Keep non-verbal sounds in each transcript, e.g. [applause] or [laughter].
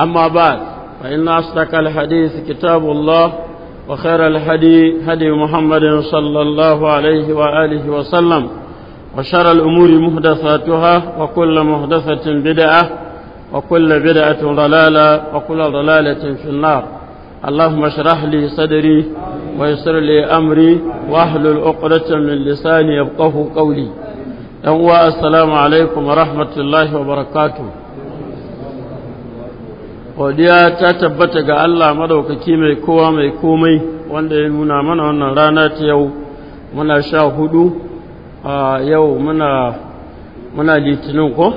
أما بعد فإن أصدق الحديث كتاب الله وخير الهدي هدي محمد صلى الله عليه وآله وسلم وشر الأمور مهدثاتها وكل مهدثة بدعة وكل بدعة ضلالة وكل ضلالة في النار اللهم اشرح لي صدري ويسر لي أمري واحلل عقدة من لساني يفقه قولي السلام عليكم ورحمة الله وبركاته godiya ta tabbata ga Allah madaukaki mai kowa mai komai wanda ya nuna mana wannan rana ta yau muna sha hudu a yau muna muna litinin ko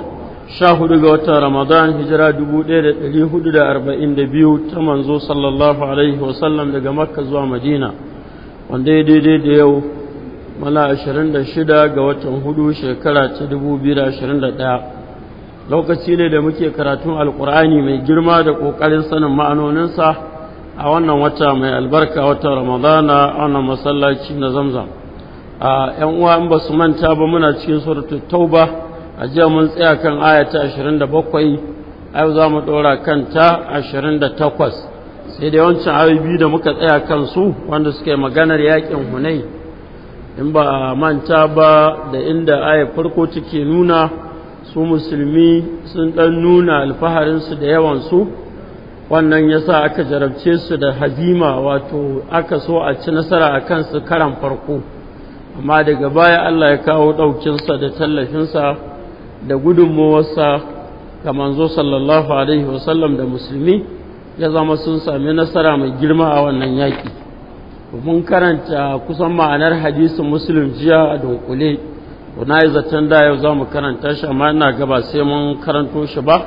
sha hudu ga watan ramadan hijira 1442 ta manzo sallallahu alaihi wasallam daga makka zuwa madina wanda ya daidai da yau muna 26 ga watan hudu shekara ta 2021 lokaci ne da muke karatun alkur'ani mai girma da ƙoƙarin sanin ma'anoninsa a wannan wata mai albarka wata ramadana a wannan masallaci na zamzam a yan uwa in ba su manta ba muna cikin suratu tauba a jiya mun tsaya kan ayata 27 ayo za mu ɗora kanta 28 sai da yawancin ayoyi biyu da muka tsaya kan su wanda suke maganar yakin hunai in ba manta ba da inda aya farko take nuna su musulmi sun ɗan nuna alfaharinsu da yawansu wannan ya sa aka jarabce su da hazima wato aka so a ci nasara a kansu karan farko amma daga baya Allah ya kawo ɗaukinsa da tallafinsa da gudunmowarsa ga manzo sallallahu alaihi wasallam da musulmi ya zama sun sami nasara mai girma a wannan yaƙi mun karanta kusan ma'anar hadisin musulun jiya a dunkule na yi zaton da yau za mu karanta shi amma ina gaba sai mun karanto shi ba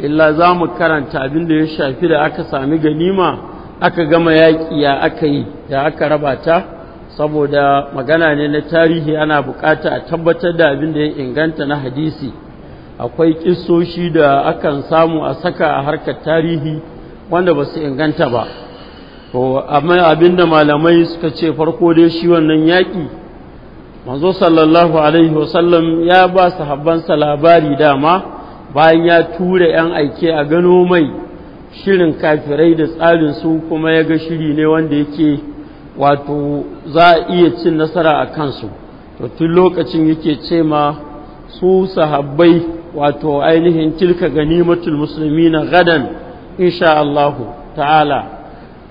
illa za mu karanta abin da ya shafi da aka sami ganima aka gama yaƙi ya aka yi da aka raba ta saboda magana ne na tarihi ana buƙata a tabbatar da abin da ya inganta na hadisi akwai ƙisoshi da akan samu a saka a harkar tarihi wanda ba su inganta ba to amma abin da malamai suka ce farko dai shi wannan yaƙi manzo sallallahu alaihi wasallam ya ba sahabbansa labari dama bayan ya tura 'yan aike a gano mai shirin kafirai da tsarin su kuma ya ga shiri ne wanda yake wato za a iya cin nasara a kansu to tun lokacin yake ce ma su sahabbai wato ainihin tilka ganimatul musulmi na gadan insha Allah ta'ala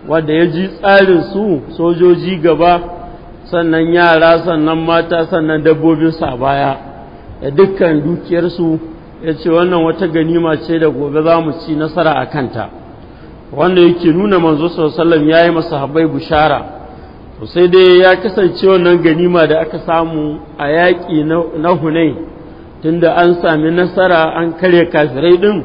wanda ya ji tsarin su sojoji gaba sannan yara sannan mata sannan dabbobinsu a baya da dukkan dukiyarsu ya ce wannan wata ganima ce da gobe za mu ci nasara a kanta wanda yake nuna manzo sallam ya yi masa habai bushara to sai dai ya kasance wannan ganima da aka samu a yaƙi na hunai tunda an sami nasara an karya kafirai ɗin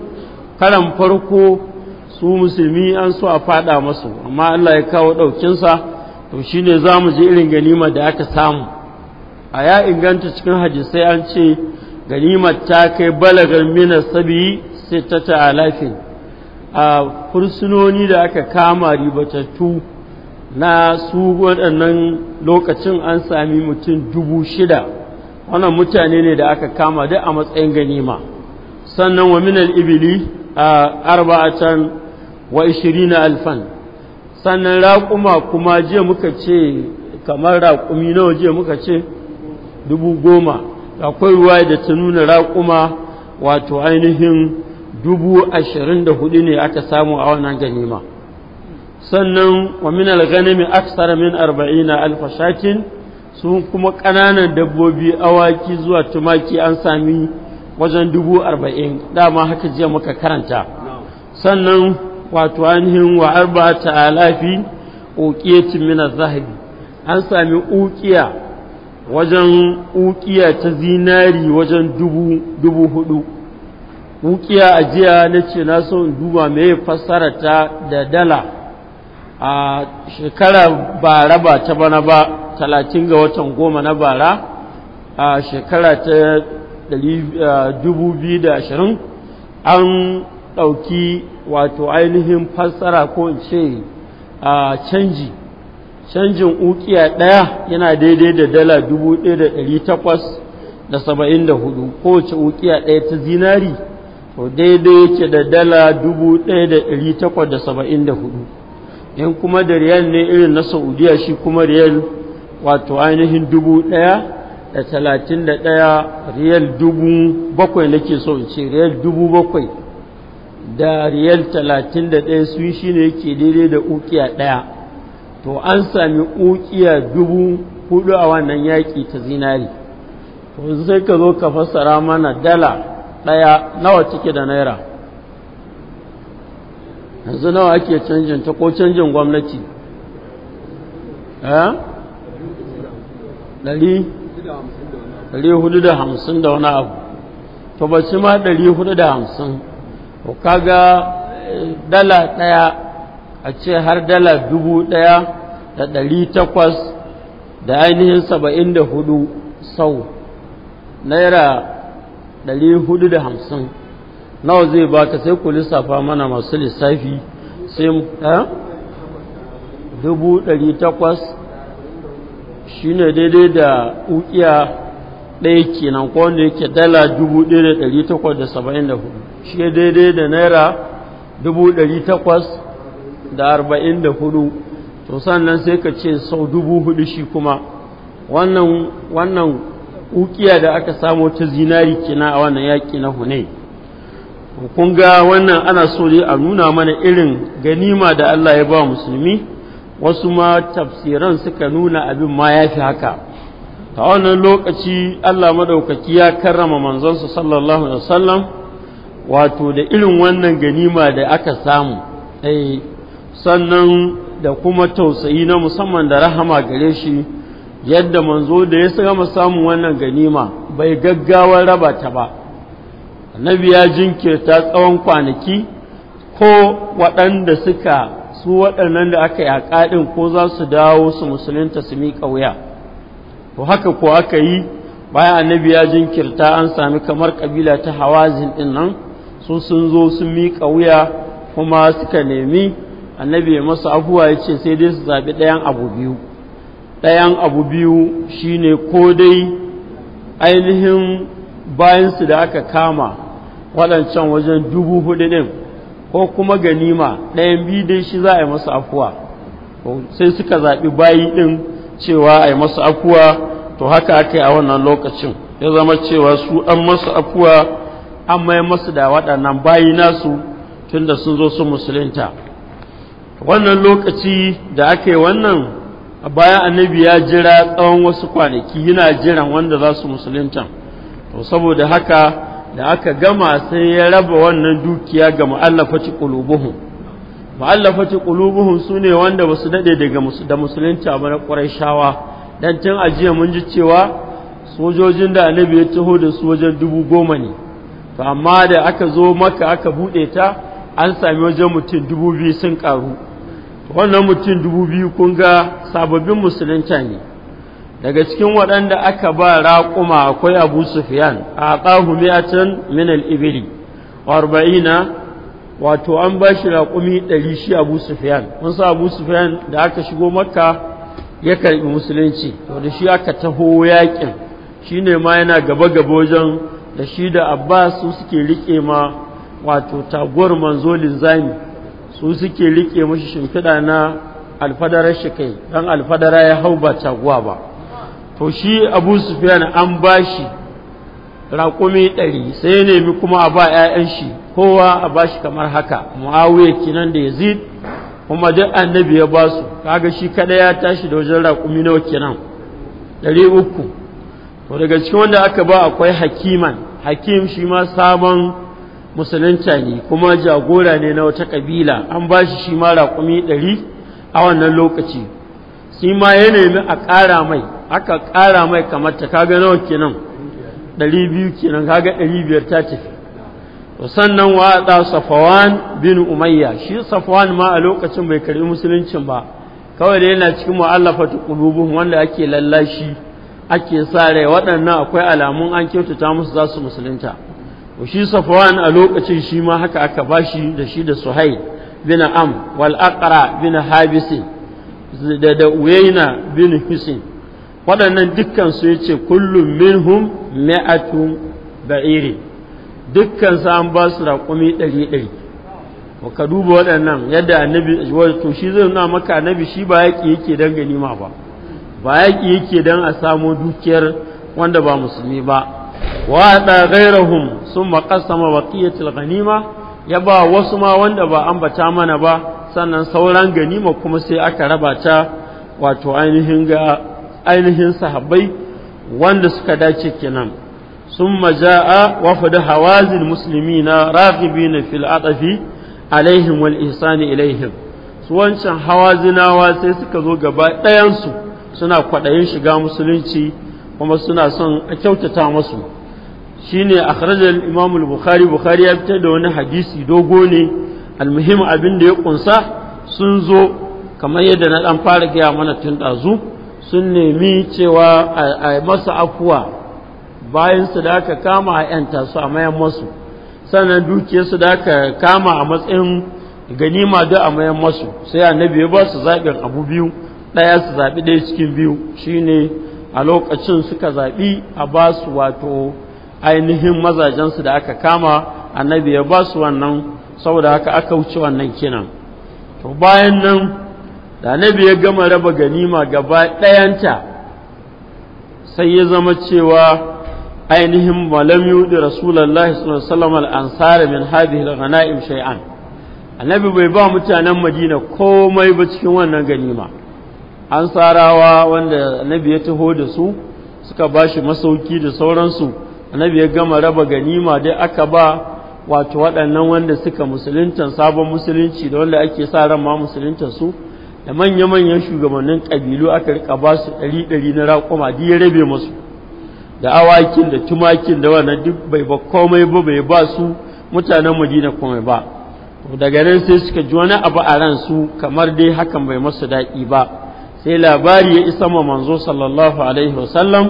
karan farko su musulmi an so a fada masu amma Allah ya kawo ɗaukinsa to shine za mu ji irin ganima da aka samu a ya inganta cikin hadisai an ce ganimar ta kai balagar mina sabi sai ta alafi a fursunoni da aka kama ribatattu na su waɗannan lokacin an sami mutum dubu shida wannan mutane ne da aka kama duk a matsayin ganima sannan wa minal ibili a arba'atan wa ishirina alfan sannan raƙuma kuma je muka ce kamar raƙumi nawa je muka ce dubu goma akwai ruwa da ta nuna raƙuma wato ainihin dubu ashirin da hudu ne aka samu a wannan ganima sannan wa min alghanami aksara min arba'ina alfa shakin sun kuma ƙananan dabbobi awaki zuwa tumaki an sami wajen dubu arba'in dama haka jiya muka karanta sannan wato ainihin wa ta alafi uqiyatin min zahabi an sami ukiya wajen ukiya ta zinari wajen dubu dubu hudu ukiya ajiya nace na so in duba mai fassara ta da dala a shekara bara ba ta bana ba 30 ga watan goma na bara a shekara ta 2020 an ɗauki wato ainihin fassara ko ce a canji canjin ukiya ɗaya yana daidai da dala dubu ɗaya da kowace ukiya ɗaya ta zinari to daidai yake da dala dubu in kuma da riyal ne irin na saudiya shi kuma riyal wato ainihin dubu ɗaya da talatin riyal dubu bakwai nake so in ce riyal dubu bakwai da riyal talatin da ɗaya sun shi ne yake daidai da ukiya ɗaya to an sami ukiya dubu hudu a wannan yaƙi ta zinari to sai ka zo ka fassara mana dala ɗaya nawa cike da naira yanzu nawa ake canjin ta ko canjin gwamnati eh? ɗari hudu da hamsin da wani abu to ba ma ɗari hudu da hamsin kaga eh, dala ɗaya a ce har dala dubu ɗaya da ɗari takwas da ainihin saba'in da hudu sau naira ɗari hudu da hamsin nawa zai baka sai ku lissafa mana masu lissafi sai eh? dubu ɗari takwas shi ne daidai da ukiya ɗaya kenan ko wanda yake dala dubu ɗaya da ɗari takwas da saba'in da hudu shi daidai da naira dubu ɗari takwas da arba'in da hudu to sannan sai ka ce sau dubu hudu shi kuma wannan wannan ukiya da aka samo ta zinari kina a wannan yaƙi na hune kun ga wannan ana so a nuna mana irin ganima da Allah ya ba musulmi wasu ma tafsiran suka nuna abin ma ya fi haka a wannan lokaci Allah madaukaki ya karrama manzonsa sallallahu alaihi wasallam wato da irin wannan ganima da aka samu eh sannan da kuma tausayi na musamman da rahama gare shi yadda manzo da ya gama samun wannan ganima bai gaggawar raba ta ba annabi ya jinkirta tsawon kwanaki ko waɗanda suka su waɗannan da aka yi a ko za su dawo su musulunta su miƙa wuya to haka ko aka yi bayan annabi ya jinkirta an sami kamar kabila ta hawazin din nan sun sun zo sun miƙa wuya kuma suka nemi annabi ya masu abuwa ya ce sai dai su zaɓi ɗayan abu biyu ɗayan abu biyu shine ko dai ainihin bayansu da aka kama waɗancan wajen dubu hudu ɗin ko kuma ganima ɗayan biyu dai shi za a yi masu afuwa sai suka zaɓi bayi ɗin cewa a yi masu afuwa to haka aka yi a wannan lokacin ya zama cewa su an masu afuwa an mai masu da waɗannan bayi nasu tunda sun zo su musulunta wannan lokaci da aka yi wannan a bayan annabi ya jira tsawon wasu kwanaki yana jiran wanda za su musulunta to saboda haka da aka gama sai ya raba wannan dukiya ga mu'allafa ci mu'allafati qulubuhum sune wanda basu dade daga da musulunci ba na quraishawa dan tun ajiya mun ji cewa sojojin da annabi ya taho da su wajen dubu goma ne to amma da aka zo maka aka bude ta an sami wajen mutum dubu biyu sun karu wannan mutum dubu biyu kun ga sababbin musulunci ne daga cikin waɗanda aka ba raƙuma akwai abu Sufyan a ƙahu miyatan min al-ibili arba'ina wato an ba shi raƙumi ɗari shi abu sufiyan mun sa abu sufiyan da aka shigo makka ya karɓi musulunci to da shi aka taho yaƙin shi ne ma yana gaba-gaba wajen da shi da abbas su suke riƙe ma wato taguwar manzo linzami su suke riƙe mashi shimfiɗa na alfadarar shi kai dan alfadara ya hau ba taguwa ba to shi abu sufiyan an ba shi raƙumi ɗari sai ya nemi kuma a ba 'ya'yan shi kowa a ba shi kamar haka muawiya kinan da yazid kuma duk annabi ya ba su kaga shi kaɗai ya tashi da wajen raƙumi nawa kenan ɗari uku to daga cikin wanda aka ba akwai hakiman hakim shi ma sabon musulunta ne kuma jagora ne na wata ƙabila an ba shi shi ma raƙumi ɗari a wannan lokaci shi ma ya nemi a ƙara mai aka ƙara mai kamar ta kaga nawa kenan ɗari biyu kenan kaga ɗari biyar ta tafi sannan wa da safawan bin umayya shi safawan ma a lokacin bai karbi musuluncin ba kawai da yana cikin mu'allafatu qulubuhum wanda ake lallashi ake sa rai waɗannan akwai alamun an kyautata musu za su musulunta shi safawan a lokacin shi ma haka aka bashi da shi da suhail bin am wal aqra bin habisi da da uyaina bin husain waɗannan dukkan su ya ce kullum minhum mi'atun ba'iri dukkan su an ba su raƙumi ɗari ɗari ka duba waɗannan yadda annabi wato shi zai nuna maka annabi shi ba yaƙi yake don ganima ba ba yaƙi yake don a samo dukiyar wanda ba musulmi ba wa da ghairahum sun maƙasama baqiyatul ganima ya ba wasu ma wanda ba ambata mana ba sannan sauran ganima kuma sai aka raba ta wato ainihin ga ainihin sahabbai wanda suka dace kenan sun maja'a wafada hawazin musulmi na ragibi na fil'adafi alaihim wal ihsani ilaihim su wancan hawazinawa sai suka zo gaba ɗayansu suna kwaɗayin shiga musulunci kuma suna son a kyautata masu shine akhrajal imam al-bukhari bukhari ya fitar da wani hadisi dogo ne almuhim abin da ya kunsa sun zo kamar yadda na dan fara gaya mana tun ɗazu sun nemi cewa a masu afuwa bayan su da aka kama a ‘yanta su a mayan masu sannan su da aka kama a matsayin ganima da a mayan masu sai annabi ya ba su zaɓin abu biyu ɗaya su zaɓi ɗaya cikin biyu shine a lokacin suka zaɓi a ba su wato ainihin mazajensu da aka kama annabi ya ba su wannan saboda haka aka wuce wannan kinan to bayan nan da annabi ya gama raba ganima gaba ɗayanta sai ya zama cewa ainihin malam yudi rasulullahi sallallahu alaihi ansar min hadhihi al-ghanaim shay'an annabi bai ba mutanen madina komai ba cikin wannan ganima ansarawa wanda annabi ya taho da su suka ba shi masauki da sauransu annabi ya gama raba ganima dai aka ba wato waɗannan wanda suka musuluntan sabon musulunci da wanda ake sa ran ma musuluntan su da manya-manyan shugabannin ƙabilu aka rika ba su ɗari-ɗari na raƙoma duk ya rabe masu da awakin da tumakin da wannan duk bai ba komai ba bai ba su mutanen madina komai ba daga nan sai suka ji wani abu a ran su kamar dai hakan bai masu daɗi ba sai labari ya isa ma manzo sallallahu alaihi wasallam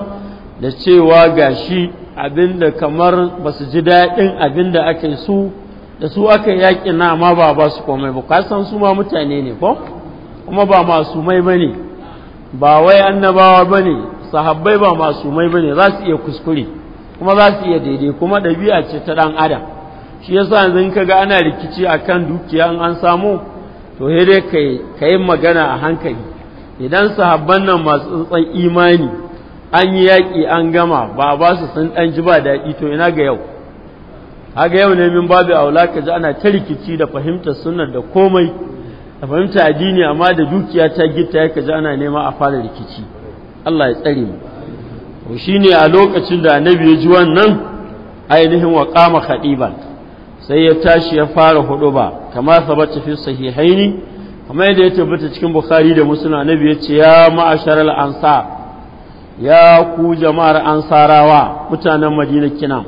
da cewa gashi abinda kamar ba su ji daɗin abinda aka yi su da su aka yaƙi na ma ba ba su komai ba kasan su ma mutane ne ko kuma ba masu bane ba wai annabawa bane sahabbai ba masu mai bane za su iya kuskure kuma za su iya daidai kuma ɗabi'a ce ta ɗan adam shi yasa yanzu in kaga ana rikici akan dukiya in an samu to he ka yi magana a hankali idan sahabban nan masu tsantsan imani an yi yaƙi an gama ba ba su sun ɗan ji ba daɗi to ina ga yau haga yau ne min babu aula ka ji ana ta rikici da fahimtar sunnar da komai da fahimta addini amma da dukiya ta gita ya kaji ana nema a fara rikici Allah ya tsare mu shi ne a lokacin da annabi ya ji wannan ainihin wa kama ba sai ya tashi ya fara huduba kama sabata fi sahihaini kamar yadda ya tabbata cikin bukhari da muslim annabi ya ce ya ma'ashar al ya ku jama'ar ansarawa mutanen madina kina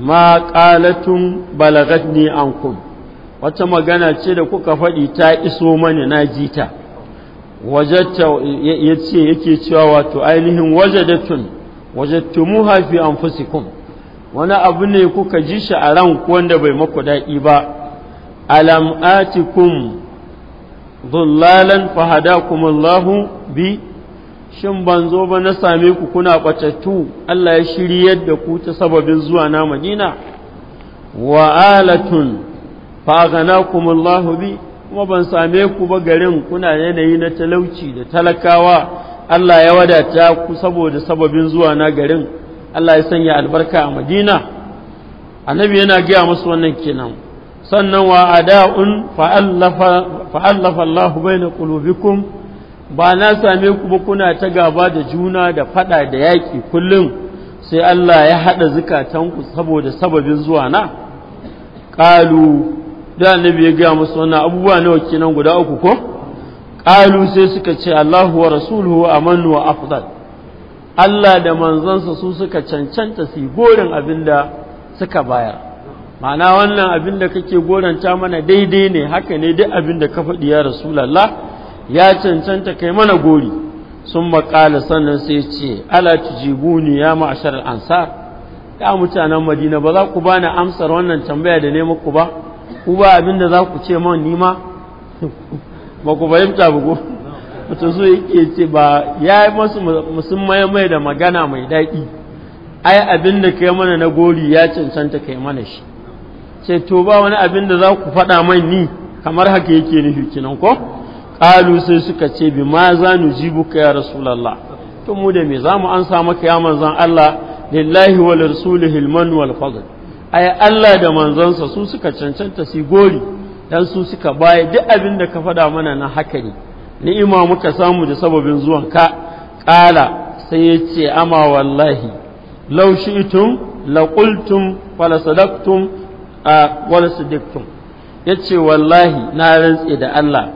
ma qalatum balagatni ankum wata magana ce da kuka faɗi ta iso mani na jita wajatta yace yake cewa wato ainihin wajadatun wajattumuha fi anfusikum wani abu ne kuka ji shi a ran wanda bai maku daɗi ba alam atikum dhullalan fahadakumullahu bi shin ban zo ba na same ku kuna kwatattu Allah ya shiryar da ku ta sababin zuwa na Madina wa alatun Fa kuma, Allahu bi kuma ban same ku ba garin kuna yanayi na talauci da talakawa Allah ya wadata ku saboda sababin zuwa na garin Allah ya sanya albarka a Madina annabi yana gaya musu wannan kenan sannan wa ada'un fa'allafa fa'allafa Allahu baina qulubikum ba na same ku ba kuna ta gaba da juna da fada da yaki kullum sai Allah ya hada zukatanku saboda sababin zuwa na qalu da annabi ya gaya musu wannan abubuwa nawa kenan guda uku ko qalu sai suka ce Allahu wa rasuluhu amanu wa afdal Allah da manzansa su suka cancanta su gorin abinda suka bayar ma'ana wannan abinda kake goranta mana daidai ne haka ne duk abinda ka faɗi ya rasulullah ya cancanta kai mana gori sun makala sannan sai ce ala tujibuni ya ma'ashar ansar ya mutanen madina ba za ku bani amsar wannan tambaya da ne muku ba ku ba abin da za ku ce man nima ba ku fahimta ku mutum su yake ce ba ya yi masu musulmai mai da magana mai daɗi ai abin da kai mana na gori ya cancanta kai mana shi ce to ba wani abin da za ku faɗa man ni kamar haka yake nufi kinan ko ƙalu sai suka ce bi ma za nu ji buka ya rasulallah to mu da me za mu an maka ya manzan Allah lillahi wa rasulihi wal fadl ai Allah da manzonsa su suka cancanta su gori dan su suka baye duk abin da ka faɗa mana na haka ne ni'ima muka samu da sababin zuwan ka ƙala sai ya ce ama wallahi law shi'tum la qultum la sadaqtum la sadaqtum yace wallahi na rantse da Allah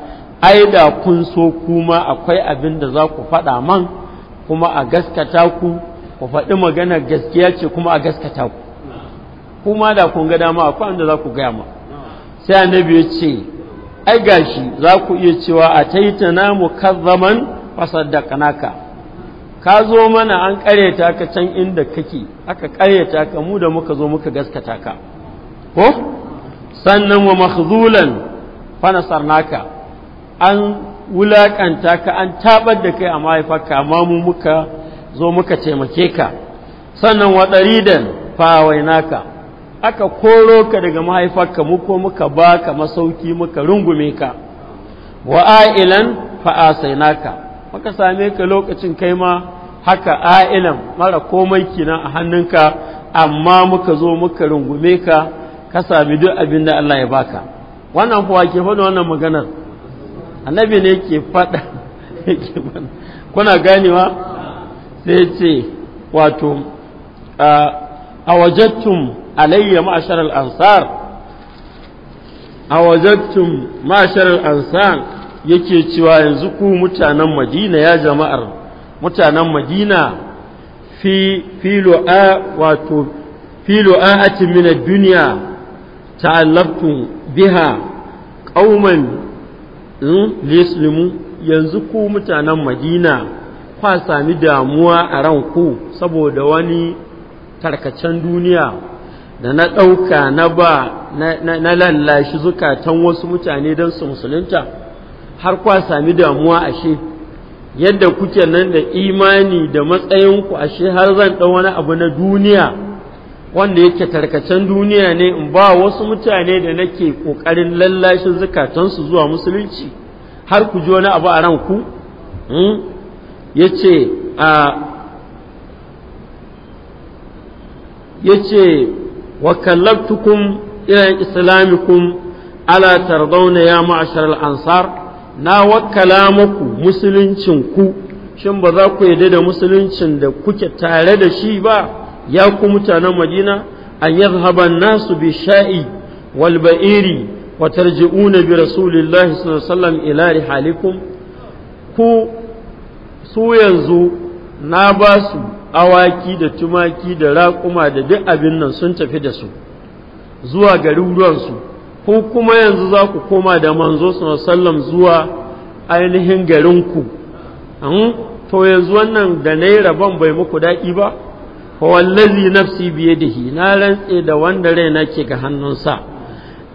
ai da kun so kuma akwai abin da za ku faɗa man kuma a gaskata ku ku faɗi magana gaskiya ce kuma a gaskata ku kuma da kun ga dama akwai wanda za ku gaya ma sai annabi ya ce ai gashi za ku iya cewa a ta mu taitana mukazzaman naka ka zo mana an karyata ka can inda kake aka karyata ka mu da muka zo muka gaskata ka ko sannan wa makhzulan fanasarnaka an wulaƙanta ka an tabar da kai a mahaifarka amma mu muka zo muka taimake ka sannan wa daridan naka aka koro ka daga mahaifarka mu ko muka baka masauki muka rungume ka wa ailan fa'asainaka muka same ka lokacin kai ma haka ailan mara komai kenan a hannunka amma muka zo muka rungume ka ka sami duk abin da Allah ya baka wannan kuwa ke faɗa wannan maganar annabi ne [laughs] ke faɗa kuna ganewa sai ce wato a wajattun alayya معشر al'ansar a معشر ma'ashar yake cewa yanzu ku mutanen madina ya jama'ar mutanen madina fi filo a wato filo a hatin ad duniya ta'allabtun biha ƙauman hmm, lislimu yanzu ku mutanen madina kwa sami damuwa a ranku saboda wani tarkacen duniya da na ɗauka na ba na lallashi zukatan wasu mutane don su musulunta har kwa sami damuwa ashe yadda kuke nan da imani da matsayinku ashe har zan ɗan wani abu na duniya wanda yake tarkacen duniya ne in ba wasu mutane da nake ƙoƙarin lallashin zukatansu zuwa musulunci har ku ji wani abu a ranku hmm? ya ce ya ce وكلبتكم إلى إسلامكم ألا ترضون يا ma'ashar الأنصار na wakala musuluncin ku. shin ba za ku yarda da musuluncin da kuke tare da shi ba ya ku mutanen madina an yadhhaba nasu bi sha'i wal ba'iri wa tarji'una bi sallallahu alaihi wasallam ila ku su yanzu na basu. awaki da tumaki da raƙuma da duk abin nan sun tafi da su zuwa garuruwansu. ruwansu ko kuma yanzu za ku koma da manzo sallam zuwa ainihin garinku to yanzu wannan da na yi rabon bai muku daɗi ba wallazi nafsi biye da na rantse da wanda rai na ke ga hannunsa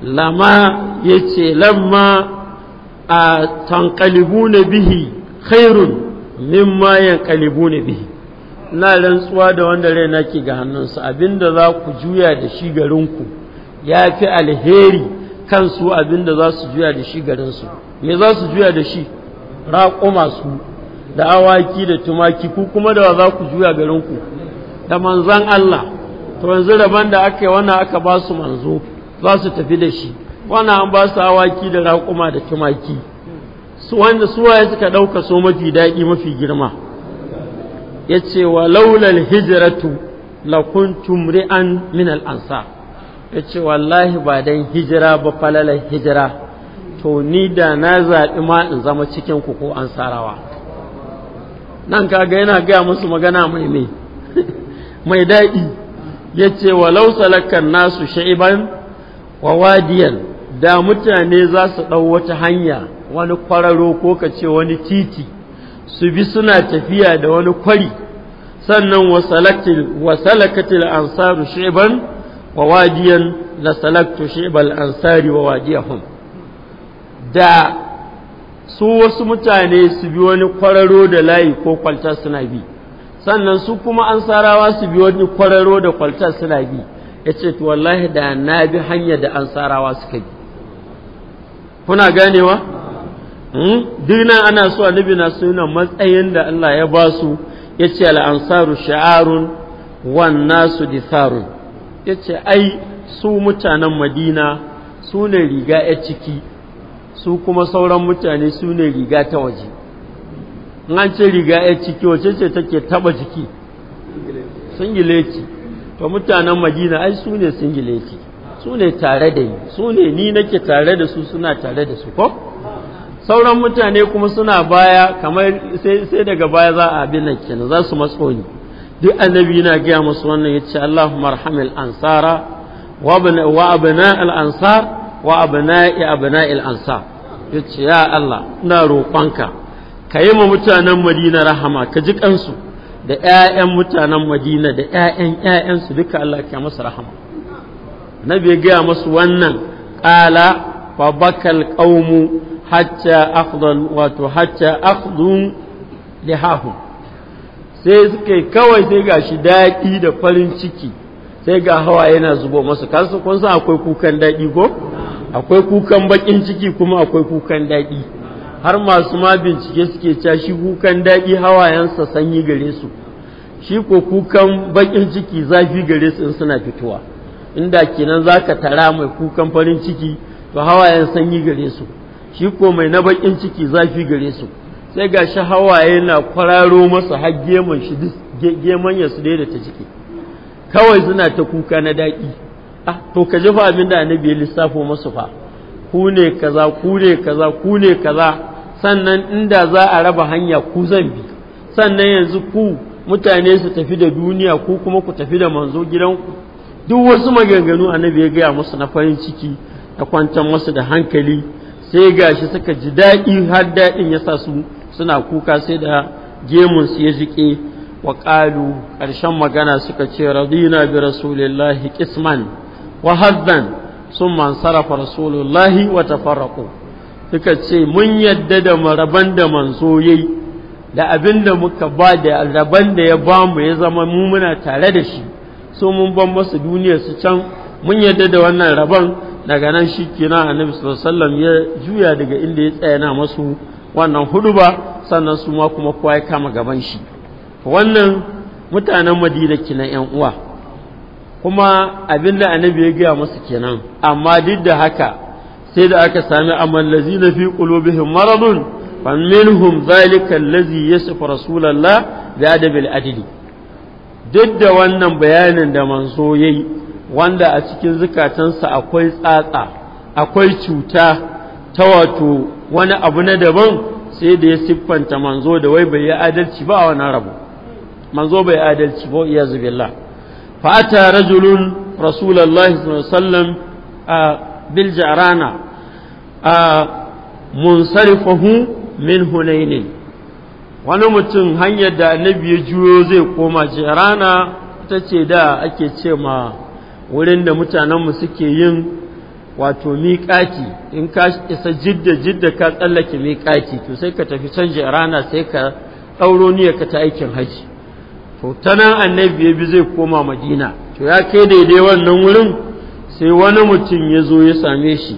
lama ya ce lamma a tankalibu na bihi khairun mimma yankalibu na bihi na rantsuwa da wanda rai ke ga hannunsa abinda za ku juya da shi garinku ya fi alheri kansu abinda za su juya da shi garinsu me za su juya da shi raƙuma su da awaki da tumaki ku kuma da za ku juya garinku da manzan Allah to yanzu daban da aka yi wannan aka ba su manzo za su tafi da shi wannan an ba su awaki da raƙuma da tumaki su wanda suwaye suka ɗauka so mafi daɗi mafi girma ya ce wa laulal hijiratu lakuntum ri'an min al'ansa ya ce wallahi ba dan hijira ba falalar hijira to ni da na zaɓi ma in zama cikin ku ko an sarawa nan kaga yana gaya musu magana mai mai [laughs] mai daɗi ya ce walau nasu sha'iban wa wadiyan da mutane za su ɗau wata hanya wani kwararo ko ka ce wani titi su bi suna tafiya da wani kwari sannan wasalakatil ansaru sheban wa wadiyan la salaktu shebal ansari wa wadiyahum da su wasu mutane su bi wani kwararo da layi ko kwalta suna bi sannan su kuma ansarawa su bi wani kwararo da kwalta suna bi ya ce wallahi da na bi hanyar da ansarawa suka bi kuna ganewa Hmm? dinan ana so annabi na suna matsayin da Allah ya ba su ya ce al'ansaru sha'arun wan nasu disarun ya ce ai su mutanen madina su ne riga ya ciki su kuma sauran mutane su ne riga ta waje an ce riga ya ciki wace ce take taba jiki singileti to mutanen madina ai su ne singileti su ne tare da ni su ne ni nake tare da su suna tare da su ko sauran mutane kuma suna baya kamar sai daga baya za a abin nan kenan za su matsoni duk annabi yana gaya musu wannan ya ce Allahumma arhamil ansara wa abna al ansar wa abna al ansar ya ce ya Allah ina roƙonka ka yi ma mutanen Madina rahama ka ji kansu da 'ya'yan mutanen Madina da ƴaƴan 'ya'yansu duka Allah ya masu rahama annabi ya gaya musu wannan qala fa bakal qaumu hatta akhdal wato hatta akhdun lihahum sai suke kawai sai ga shi daɗi da farin ciki sai ga hawa yana zubo masa kansu kun san akwai kukan daɗi ko akwai kukan bakin ciki kuma akwai kukan daɗi har masu ma bincike suke cewa shi kukan daɗi hawayensa sanyi gare su shi ko kukan bakin ciki zafi gare su in suna fitowa inda kenan zaka tara mai kukan farin ciki to hawayen sanyi gare su shi ko mai na bakin ciki zafi gare su sai ga shi hawaye na kwararo masa har geman shi geman ya su da ta ciki kawai suna ta kuka na daƙi ah to ka ji fa abin da annabi ya lissafo masu fa ku ne kaza ku ne kaza ku ne kaza sannan inda za a raba hanya ku zan bi sannan yanzu ku mutane su tafi da duniya ku kuma ku tafi da manzo gidanku duk wasu maganganu annabi ya gaya musu na farin ciki da kwantar masu da hankali sai gashi suka ji daɗi har daɗin ya sa su suna kuka sai da gemunsu ya jiƙe wa ƙalu ƙarshen magana suka ce radina bi rasulillahi kisman wa hazdan sun mansarafa rasulullahi wa tafarraqu suka ce mun yadda da maraban da manzo yayi da abin da muka ba da raban da ya ba mu ya zama mu muna tare da shi so mun ban masu duniya su can mun yadda da wannan raban daga nan shi kenan annabi sallallahu ya juya daga inda ya tsaya na masu wannan huduba sannan su ma kuma kowa ya kama gaban shi wannan mutanen madina kenan yan uwa kuma abin abinda annabi ya gaya masu kenan amma duk da haka sai da aka sami lazina fi qulubihim maradun minhum zalika allazi يصف rasulullah bi adabil adli duk da wannan bayanin da manzo yayi wanda a cikin zukatansa akwai tsatsa akwai cuta ta wato wani abu na daban sai da ya siffanta manzo da wai bai yi adalci ba a wani rabu manzo bai adalci ba iya zubillah fa ata rajulun rasulullahi sallallahu a bil a munsarifahu min hunaini wani mutum hanyar da annabi ya juyo zai koma jarana ta ce da ake ce ma wurin da mutanenmu suke yin wato miƙaƙi in ka isa jidda jidda ka tsallake miƙaƙi to sai ka tafi canje rana sai ka ɗauro ka ta aikin haji to ta nan annabi ya bi zai koma madina to ya kai daidai wannan wurin sai wani mutum ya zo ya same shi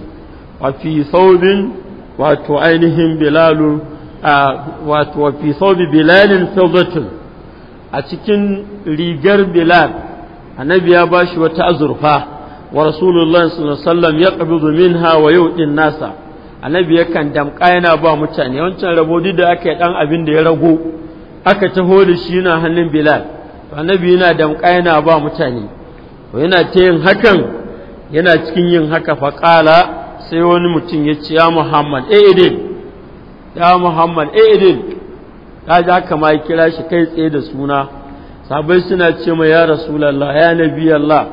a fi saubin wato ainihin bilalu a wato saubi bilalin a cikin rigar bilal annabi ya bashi wata azurfa wa rasulullahi sallallahu alaihi wasallam yaqbidu minha wa yu'tin nasa annabi yakan damƙa yana ba mutane wancan rabodi da aka yi dan abin da ya rago aka taho da shi yana hannun bilal annabi yana damƙa yana ba mutane to yana ta yin hakan yana cikin yin haka qala sai wani mutum ya ce ya muhammad eh idin ya muhammad eh idin ya kama kira shi kai tsaye da suna sabai suna ce mai ya lalla ya nabi Allah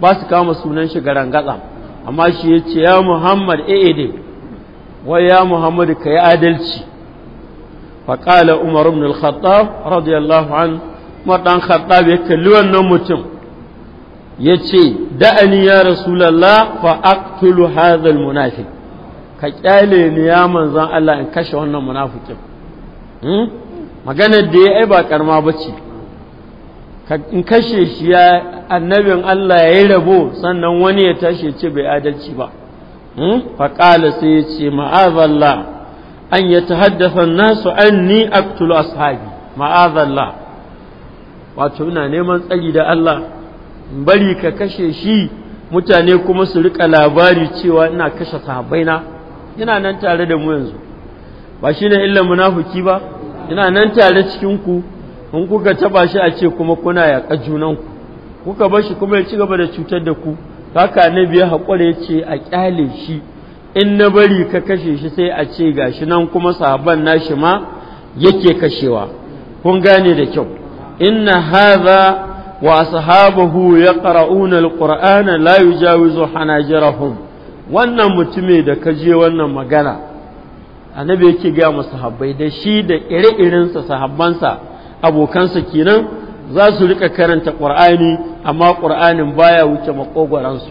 ba su kama sunan shi garangada amma shi ya ce ya muhammad e'ede eh, eh, wai ya muhammad ka yi adalci faƙala umar ibn al-khattab radiyallahu an maɗan khattab ya kalli wannan mutum ya ce da'ani ya rasu fa aqtulu hadha al-munafiq ka kyale ni ya manzan Allah in kashe wannan munafikin hmm? maganar da ya ai ba karma bace in kashe shi ya annabin Allah ya yi rabo sannan wani ya tashi ce bai adalci ba hmm? faƙala sai ya ce ma'azalla an ya ta haddasa nasu an ni aktulu ashabi ma'azalla wato ina neman tsari da Allah bari ka kashe shi mutane kuma su rika labari cewa ina kashe sahabbaina ina nan tare da mu yanzu ba shi ne illa munafuki ba ina nan tare cikin ku in kuka taba shi a ce kuma kuna yaƙa ku kuka bar shi kuma ya ci gaba da cutar da ku haka annabi ya haƙura ya ce a ƙyale shi in na bari ka kashe shi sai a ce ga shi nan kuma sahabban nashi ma yake kashewa kun gane da kyau inna hadha wa ya ashabahu yaqra'una alqur'ana la yujawizu hanajirahum wannan mutume da kaje wannan magana annabi yake ga masahabbai da shi da ire irinsa sahabbansa abokansa kenan za su rika karanta ƙur'ani amma ƙur'anin baya wuce maƙogwaransu.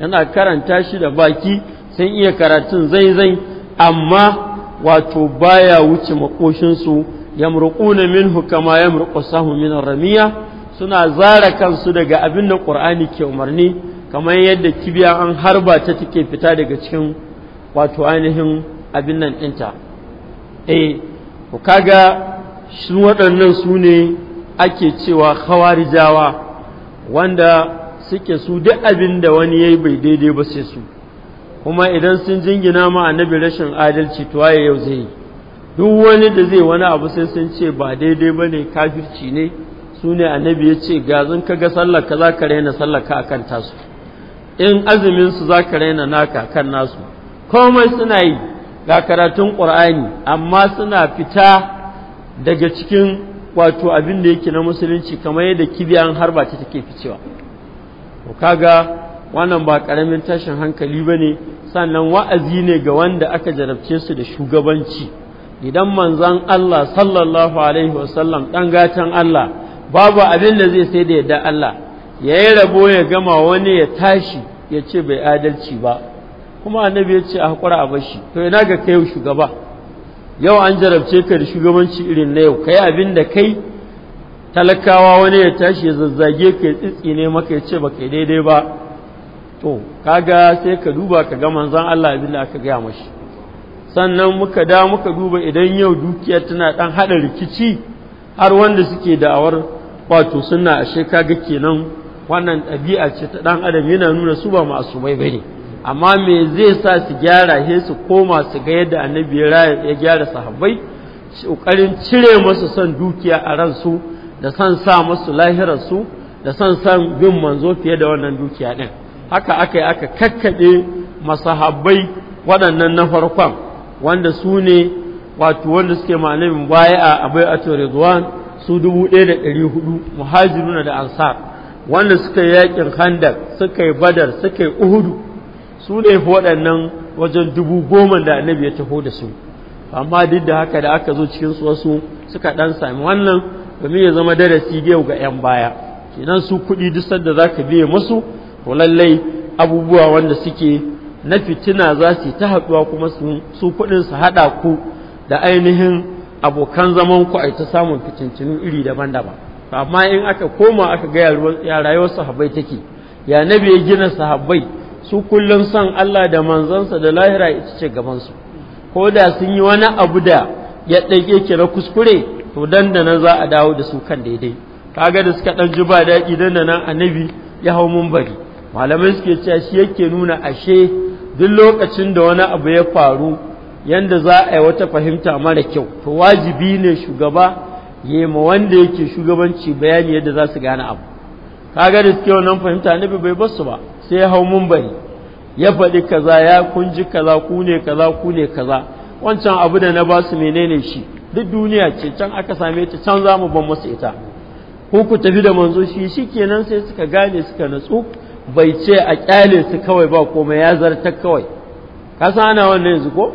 yana karanta shi da baki sun iya karatun zai-zai amma wato baya wuce maƙoshinsu. Ya makoshinsu min hukama ya murƙo samun min ramiya suna zara kansu daga abin da ƙur'ani ke umarni kamar yadda kibiya an harba ta take fita daga cikin wato ainihin abin nan ɗinta eh kaga su waɗannan su ne ake cewa jawa wanda suke su duk abin da wani ya yi bai daidai ba sai su kuma idan sun jingina ma annabi rashin adalci to waye yau zai duk wani da zai wani abu sai sun ce ba daidai ba bane kafirci ne su ne annabi ya ce gazin ka ga sallar ka za ka raina sallar ka akan tasu in azumin su za ka raina naka kan nasu komai suna yi ga karatun ƙur'ani amma suna fita daga cikin wato abin da yake na musulunci kamar yadda kibiyan harba ta take ficewa to kaga wannan ba karamin tashin hankali ba ne sannan wa'azi ne ga wanda aka jarabce su da shugabanci idan manzan Allah sallallahu alaihi wasallam ɗan gatan Allah babu abin da zai sai da yadda Allah ya yi rabo ya gama wani ya tashi ya ce bai adalci ba kuma annabi ya ce a haƙura a bashi to ina ga kai shugaba yau an jarabce ka da shugabanci irin na yau kai abin da kai talakawa wani ya tashi ya zazzage ka ya ne maka ya ce ba kai daidai ba to kaga sai ka duba ka ga manzon Allah abin da aka gaya mashi sannan muka da muka duba idan yau dukiya tana dan hada rikici har wanda suke da'awar wato sunna ashe kaga kenan wannan ɗabi'a ce ta dan adam yana nuna su ba masu mai bane amma me zai sa su gyara he su koma su ga yadda annabi ya gyara sahabbai kokarin cire masu son dukiya a ransu da san sa masu lahirarsu da san san bin manzo fiye da wannan dukiya ɗin haka aka yi aka kakkaɗe masahabbai waɗannan na farkon wanda su ne wato wanda suke malamin baya a abai a rizwan su dubu ɗaya da ɗari hudu muhajiruna da ansar wanda suka yi yaƙin handar suka yi badar suka yi uhudu su ne fi waɗannan wajen dubu goma da annabi ya taho da su amma duk da haka da aka zo cikin su wasu suka ɗan sami wannan domin ya zama darasi yau ga 'yan baya kenan su kuɗi duk sanda za ka biye musu to lallai abubuwa wanda suke na fitina za su ta haɗuwa kuma su kuɗin su haɗa ku da ainihin abokan zaman ku a ta samun fitintinu iri daban-daban amma in aka koma aka ga ya rayuwar sahabbai take ya nabi ya gina sahabbai su kullum son Allah da manzansa da lahira ita ce gabansu ko da sun yi wani abu da ya ɗage kira kuskure to nan za a dawo da su kan daidai kaga da suka ɗan ji ba daɗi a annabi ya hau mun bari? malamai suke cewa shi yake nuna ashe duk lokacin da wani abu ya faru yanda za a yi wata fahimta mara kyau to wajibi ne shugaba ya yi ma wanda yake shugabanci bayani yadda za su gane abu kaga da suke wannan fahimta annabi bai basu ba sai ya hau mun bari? ya faɗi kaza ya kunji kaza ku ne kaza ku ne kaza wancan abu da na basu menene shi duk duniya ce can aka same ta can za mu ban musu ita ku ku tafi da manzo shi shikenan sai suka gane suka natsu bai ce a kyale su kawai ba komai ya zarta kawai kasa na ana wannan yanzu ko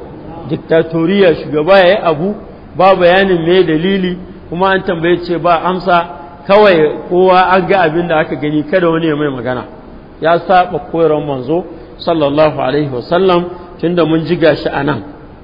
diktatoriya shugaba ya yi abu ba bayanin me dalili kuma an tambaye ce ba amsa kawai kowa an ga abin da aka gani kada wani ya mai magana ya saba koyarwar manzo sallallahu alaihi wasallam tunda mun ji a anan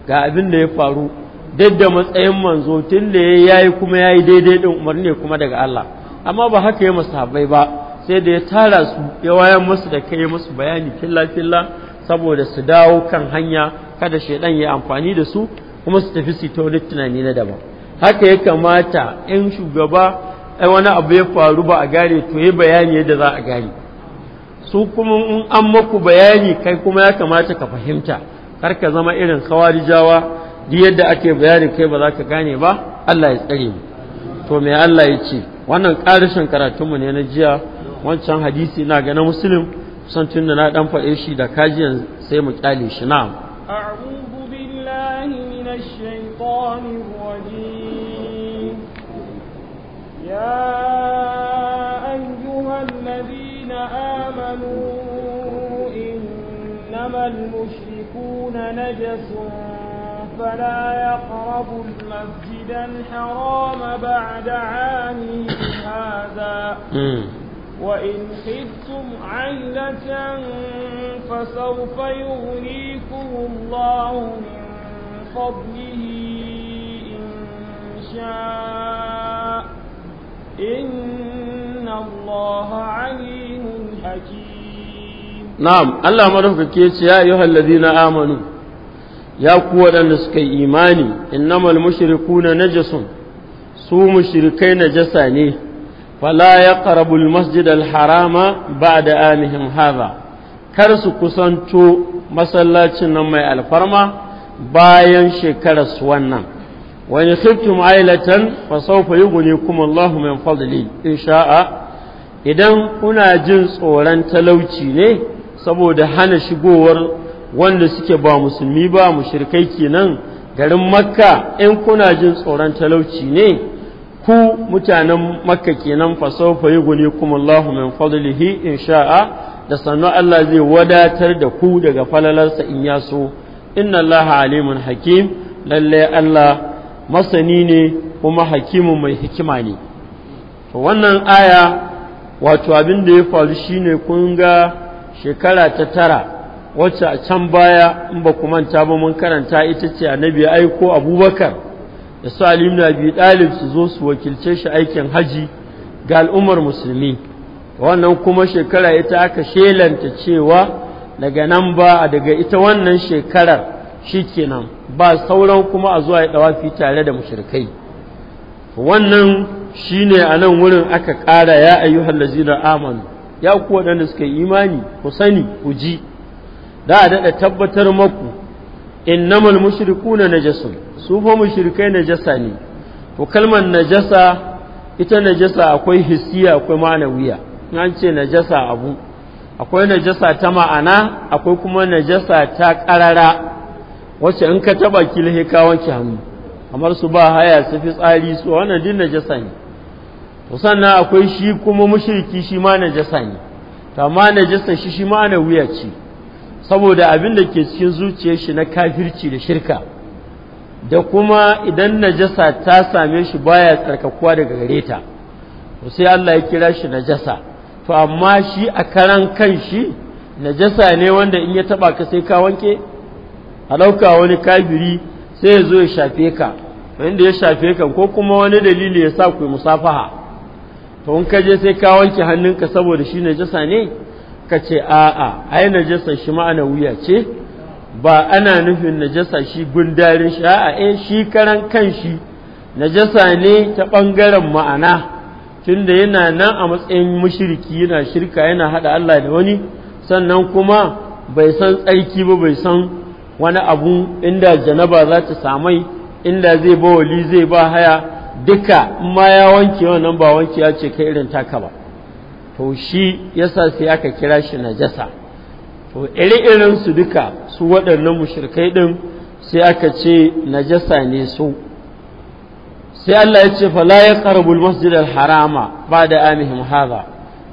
ga abin da ya faru duk da matsayin manzo tunda ya yayi kuma yayi daidai din umarni kuma daga Allah amma ba haka ya masahabai ba sai da ya tara su ya wayan musu da kai musu bayani filla filla saboda su dawo kan hanya kada shaidan ya amfani da su kuma su tafi su ta wani tunani na daban haka ya kamata in shugaba wani abu ya faru ba a gare to yi bayani yadda za a gane su kuma in an maku bayani kai kuma ya kamata ka fahimta kar ka zama irin khawarijawa duk yadda ake bayani kai ba za ka gane ba Allah ya tsare mu to me Allah ya ce wannan karishin mu ne na jiya wancan hadisi na ga na muslim san tun na dan faɗe shi da kajiyan sai mu kyale shi na'am a'udhu billahi minash shaitanir rajim ya آمنوا إنما المشركون نجس فلا يقربوا المسجد الحرام بعد عامهم هذا وإن خفتم عيلة فسوف يغنيكم الله من فضله إن شاء إن na'am allah عليم حكيم نعم الله مرحبا كيس يا أيها الذين آمنوا يا na نسك إيماني إنما na نجس su mushrikai najasa ne fala yaqrabu harama ba da anihim haza kar su kusanto masallacin nan mai alfarma bayan shekarar su wannan وإن خفتم عائلة فسوف يغنيكم الله من فضله إن شاء idan kuna jin tsoron talauci ne saboda hana shigowar wanda suke ba musulmi ba mushrikai kenan garin makka in kuna jin tsoron talauci ne ku mutanen makka kenan fa sawfa yughni kuma Allahu min fadlihi in sha'a da sannu Allah zai wadatar da ku daga falalarsa in yaso inna Allaha alimun hakim lalle Allah masani ne kuma hakimin mai hikima ne wannan aya wato abin da ya faru shine kun ga shekara ta tara wacce a can baya in ba ku manta ba mun karanta ita ce annabi ya aiko abubakar da su alim na bi ɗalib su zo su wakilce shi aikin haji ga al'ummar musulmi wannan kuma shekara ita aka shelanta cewa daga nan ba daga ita wannan shekarar Shi kenan ba sauran kuma a zuwa ya dawafi tare da mushrikai wannan shine a nan wurin aka ƙara ya ayyuhal lazina amanu ya ku waɗanda suka yi imani ku sani ku ji da a daɗa tabbatar maku innamal na najasa su fa mushrikai najasa ne to kalmar najasa ita najasa akwai hisiya, akwai ma'anawiya an ce najasa abu akwai najasa ta ma'ana akwai kuma najasa ta ƙarara wacce in ka taba ki lahe ka wanke hannu kamar su ba haya su fi tsari su wannan din najasa ne To sannan akwai shi kuma mushriki shi ma najasa ne To amma najasa shi shi ma na wuya ce saboda abin da ke cikin zuciyar shi na kafirci da shirka da kuma idan najasa ta same shi baya tsarkakuwa daga gare ta to sai Allah ya kira shi najasa to amma shi a karan kan shi najasa ne wanda in ya taba ka sai ka wanke a ɗauka wani kabiri sai ya zo ya shafe ka inda ya shafe ka ko kuma wani dalili ya sa kuwa musafaha to in ka je sai ka wanke hannunka saboda shi najasa ne ka ce a'a ai najasa shi ma'ana wuya ce ba ana nufin najasa shi gundarin shi a'a eh shi karan kan shi najasa ne ta ɓangaren ma'ana tun da yana nan a matsayin mushriki yana shirka yana hada Allah da wani sannan kuma bai san tsarki ba bai san wani abu inda janaba za ta samai inda zai ba wali zai ba haya duka in ma ya wanke wannan ba wanke ya ce kai irin taka ba to shi yasa sai aka kira shi najasa to iri-irin su duka su waɗannan mushrikai din sai aka ce najasa ne su sai Allah ya ce fala ya qarabul al harama ba'da amihim hadha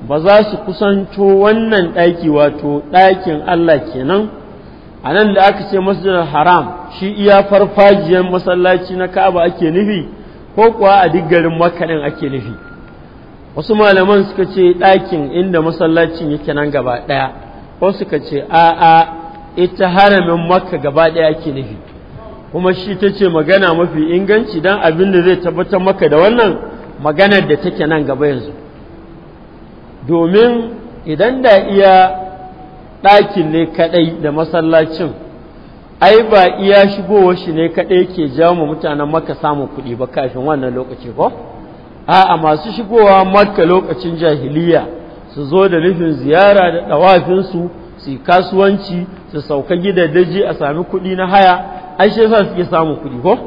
ba za su kusanto wannan ɗaki wato ɗakin Allah kenan a nan da aka ce masjidar haram shi iya farfajiyar masallaci na ka'aba ake nufi ko kuwa a duk garin makarin ake nufi wasu malaman suka ce ɗakin inda masallacin yake nan gaba ɗaya ko suka ce a'a ita haramin makka gaba ɗaya ake nufi kuma shi ta ce magana mafi inganci don abin da zai tabbatar maka da wannan maganar da take nan gaba yanzu domin idan da iya ɗakin ne kaɗai da masallacin ai ba iya shigowar shi ne kaɗai ke jawo mutanen maka samun kuɗi ba kafin wannan lokaci ko a'a masu shigowa maka lokacin jahiliya su zo da nufin ziyara da ɗawafinsu su yi kasuwanci su sauka gidaddaji a sami kuɗi na haya An shi suke samun kuɗi ko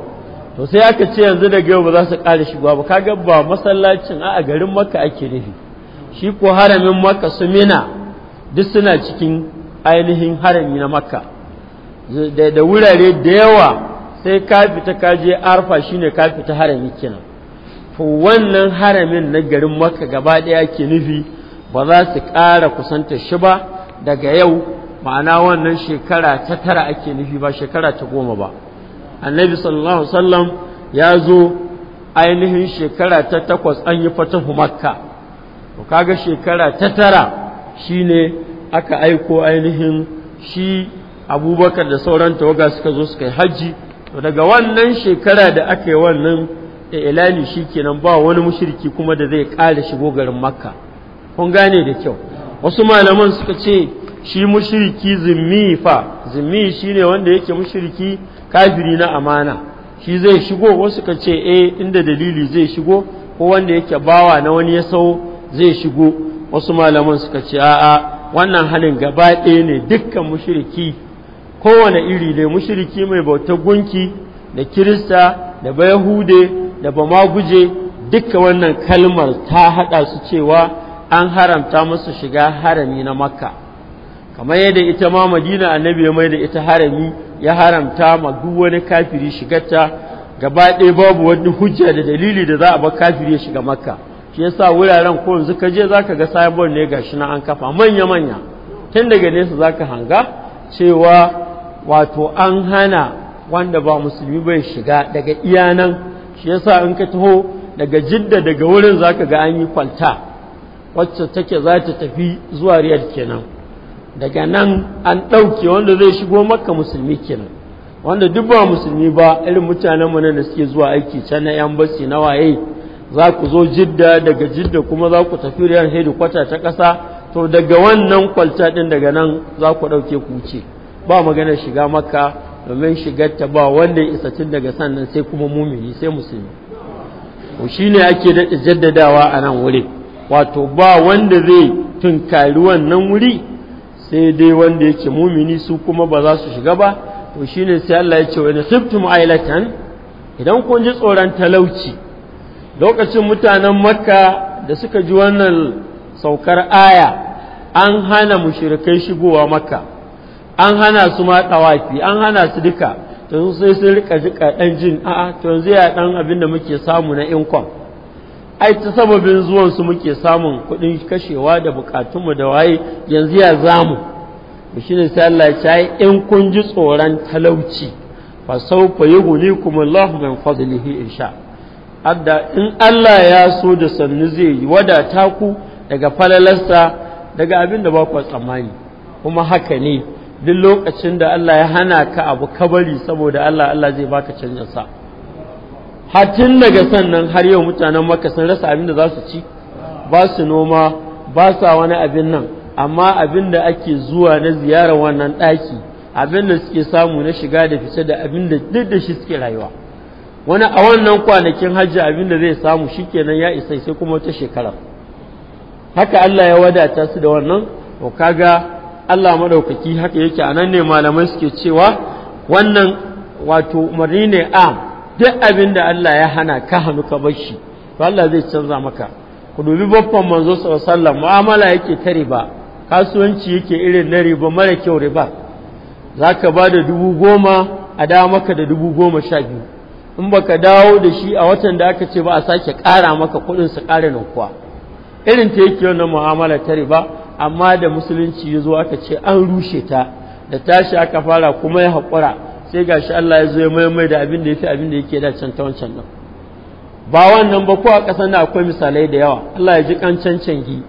to sai aka ce yanzu daga yau ba za su ƙara shigowa ba kaga ba masallacin a garin maka ake nufi shi ko haramin maka su mina duk suna cikin ainihin harami na makka da wurare da yawa sai ka fita ka je arfa shine ka fita harami kenan wannan haramin na garin makka gaba ɗaya ke nufi ba za su ƙara kusanta shi ba daga yau ma'ana wannan shekara ta tara ake nufi ba shekara ta goma ba annabi sallallahu alaihi ya zo ainihin shekara ta takwas an yi fatahu makka to kaga shekara ta tara Shi ne aka aiko ainihin shi abubakar da sauran tawaga suka zo suka yi hajji to daga wannan shekara da aka yi wannan ilani shi kenan ba wani mushirki kuma da zai ƙara shigo garin makka kun gane da kyau wasu malaman suka ce shi mushiriki zimmi fa zimmi ne wanda yake mushirki kafiri na amana shi zai shigo wasu ka ce eh inda dalili zai shigo ko wanda yake bawa na wani ya sau zai shigo wasu malaman suka ce a'a wannan halin gaba ɗaya ne dukkan mushiriki kowane iri ne mushiriki mai bautar gunki da kirista da bayahude da ma guje dukkan wannan kalmar ta haɗa su cewa an haramta musu shiga harami na makka kamar yadda ita ma madina annabi ya mai da ita harami ya haramta ma duk wani kafiri shigarta gaba ɗaya babu wani hujja da dalili da za a bar kafiri ya shiga makka shi yasa wuraren ko yanzu ka je zaka ga cyborg ne gashi na an kafa manya manya tun daga nesa zaka hanga cewa wato an hana wanda ba musulmi bai shiga daga iyanan shi yasa in ka taho daga jidda daga wurin zaka ga an yi kwalta wacce take za ta tafi zuwa riyar kenan daga nan an ɗauke wanda zai shigo maka musulmi kenan wanda duk ba musulmi ba irin mutanenmu na da suke zuwa aiki can na yan basi na waye za ku zo jidda daga jidda kuma za ku tafi riyar kwata ta ƙasa to daga wannan kwalta ɗin daga nan za ku ɗauke ku wuce ba maganar shiga maka domin shigar ta ba wanda ya isa tun daga sannan sai kuma mumini sai musulmi ko ne ake daɗa jaddadawa a nan wuri wato ba wanda zai tunkari wannan wuri sai dai wanda yake mumini su kuma ba za su shiga ba to shine sai Allah ya ce wani in ailatan idan kun ji tsoron talauci lokacin mutanen makka da suka ji wannan saukar aya an hana mushirikai shigowa makka an hana su ma tawafi an hana su duka sun sai sun rika jika ɗan jin a'a to yanzu ya ɗan abin da muke samu na inkon ai ta sababin zuwan su muke samun kuɗin kashewa da bukatun mu da waye yanzu ya zamu shi ne sai Allah ya yi in kun ji tsoron talauci fa sawfa yughnikum Allahu min fadlihi insha abda in Allah ya so da sannu zai yi wadata ku daga falalarsa daga abin da ba ku tsammani kuma haka ne duk lokacin da Allah ya hana ka abu kabari saboda Allah Allah zai baka canjin sa hatin daga sannan har yau mutanen maka sun rasa abin da za su ci ba su noma ba sa wani abin nan amma abin da ake zuwa na ziyarar wannan ɗaki abin da suke samu na shiga da fice da abin da duk da shi suke rayuwa wani a wannan kwanakin hajji abin da zai samu shikenan ya isa sai kuma wata shekara haka Allah ya wadata su da wannan to kaga Allah madaukaki haka yake anan ne malamai suke cewa wannan wato umarni ne a duk abin da Allah ya hana ka hannu ka bar shi to Allah zai canza maka ku dubi babban manzo sallallahu alaihi wasallam mu'amala yake ta riba kasuwanci yake irin na riba mara kyau riba zaka ka ba da dubu goma a dawo maka da dubu goma sha biyu in baka dawo da shi a watan da aka ce ba a sake ƙara maka kuɗin su ƙara kuwa irin ta yake yau wannan mu'amala ta riba amma da musulunci ya zo aka ce an rushe ta da tashi aka fara kuma ya haƙura sai gashi Allah ya zo ya maimai da abin da ya fi abin da yake da can ta wancan nan ba wannan ba ko a ƙasar na akwai misalai da yawa Allah ya ji kan cancangi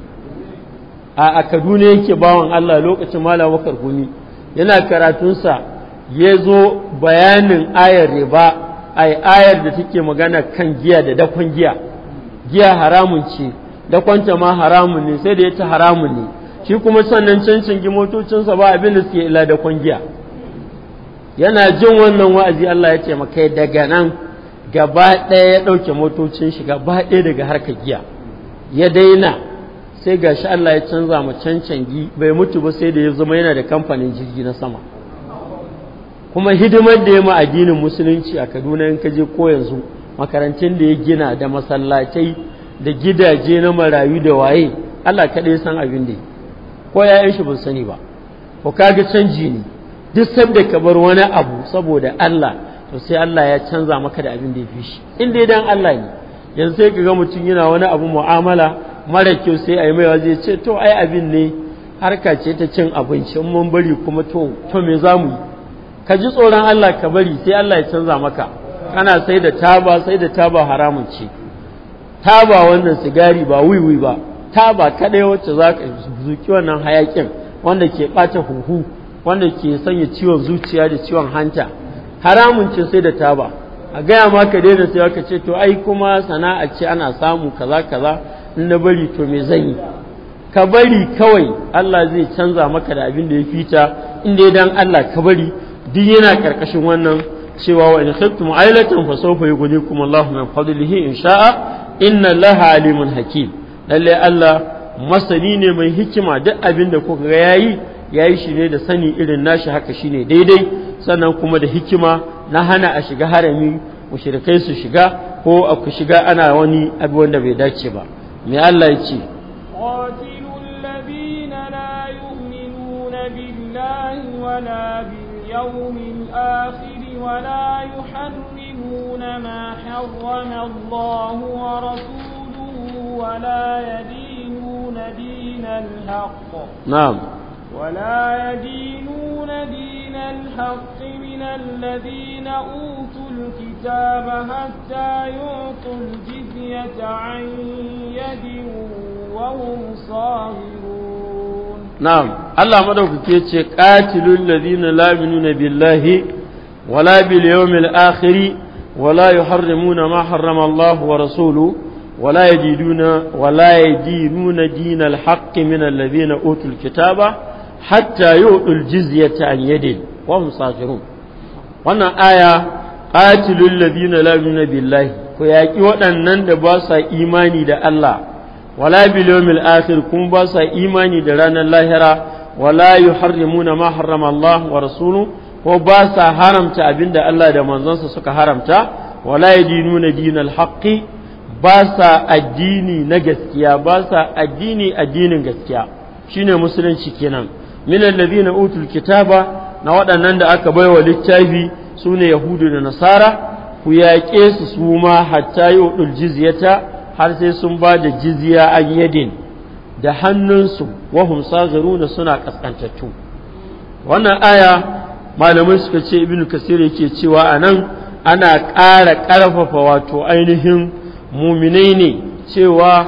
a Kaduna yake bawan Allah lokacin malam wakar gumi yana karatunsa ya zo bayanin ayar riba ai ayar da take magana kan giya da dakon giya giya haramun ce dakonta ma haramun ne sai da ya haramun ne shi kuma sannan cancin sa ba abin da suke ila dakon giya yana jin wannan wa'azi Allah ya ce maka daga nan gaba ɗaya ya ɗauke motocin shi gaba ɗaya daga harka giya ya daina sai gashi Allah ya canza mu cancangi bai mutu ba sai da ya zama yana da kamfanin jirgi na sama kuma hidimar da ya ma addinin musulunci a kaduna in kaje ko yanzu makarantun da ya gina da masallacai da gidaje na marayu da waye Allah kaɗai san abin da ko yayan shi ban sani ba ko kaga canji ne duk da ka bar wani abu saboda Allah to sai Allah ya canza maka da abin da ya fi shi in dai dan Allah ne yanzu sai ka ga mutum yana wani abu mu'amala mara kyau sai a yi mai zai ce to ai abin ne harka ce ta cin abinci in mun bari kuma to to me za yi ka ji tsoron Allah ka bari sai Allah ya canza maka Kana sai da taba sai da taba haramun ce taba wannan sigari ba wiwi ba taba kadai wacce za ka zuki wannan hayakin wanda ke ɓata huhu wanda ke sanya ciwon zuciya da ciwon hanta haramun ce sai da taba a gaya ma ka daina sai ka ce to ai kuma sana'a ce ana samu kaza kaza in na bari to me zan yi ka bari kawai Allah zai canza maka da abin da ya fita in dai dan Allah ka bari din yana karkashin wannan cewa wa in khiftum ailatan fa sawfa yughnikum Allahu min fadlihi in sha'a inna Allaha alimun hakim lalle Allah masani ne mai hikima duk abin da kuka ga yayi yayi shi ne da sani irin nashi haka shine daidai sannan kuma da hikima na hana a shiga harami mushrikai su shiga ko a ku shiga ana wani abu wanda bai dace ba me Allah ya ce qatilul ladina la yu'minuna billahi wa la واليوم الآخر ولا يحرمون ما حرم الله ورسوله ولا يدينون دين الحق نعم ولا يدينون دين الحق من الذين أوتوا الكتاب حتى يعطوا الجزية عن يد وهم صاغرون na'am Allah madaukake ce qatilul ladina la yu'minuna billahi wala bil yawmil akhir wala yuharrimuna ma harrama Allah wa rasuluhu wala yajiduna wala yadinuna dinal haqqi min alladhina kitaba hatta yu'tul jizyata an yadin wa hum sajirun wannan aya qatilul ladina la yu'minuna billahi ko yaki waɗannan da ba sa imani da Allah wala bil yawmil akhir kuma ba sa imani da ranar lahira wala yuharrimuna ma harrama Allah wa rasuluhu ko ba haramta abinda Allah da manzansa suka haramta wala yadinuna dinal haqqi ba sa addini na gaskiya ba sa addini addinin gaskiya shine musulunci kenan min alladhina utul kitaba na waɗannan da aka baiwa littafi su ne yahudu da nasara ku yaƙe su su ma hatta yi jizyata har sai sun ba da jizya an yadin da hannunsu wahum na suna ƙasƙantattu wannan aya malamai suka ce ibn kasir yake cewa a nan ana ƙara ƙarfafa wato ainihin muminai ne cewa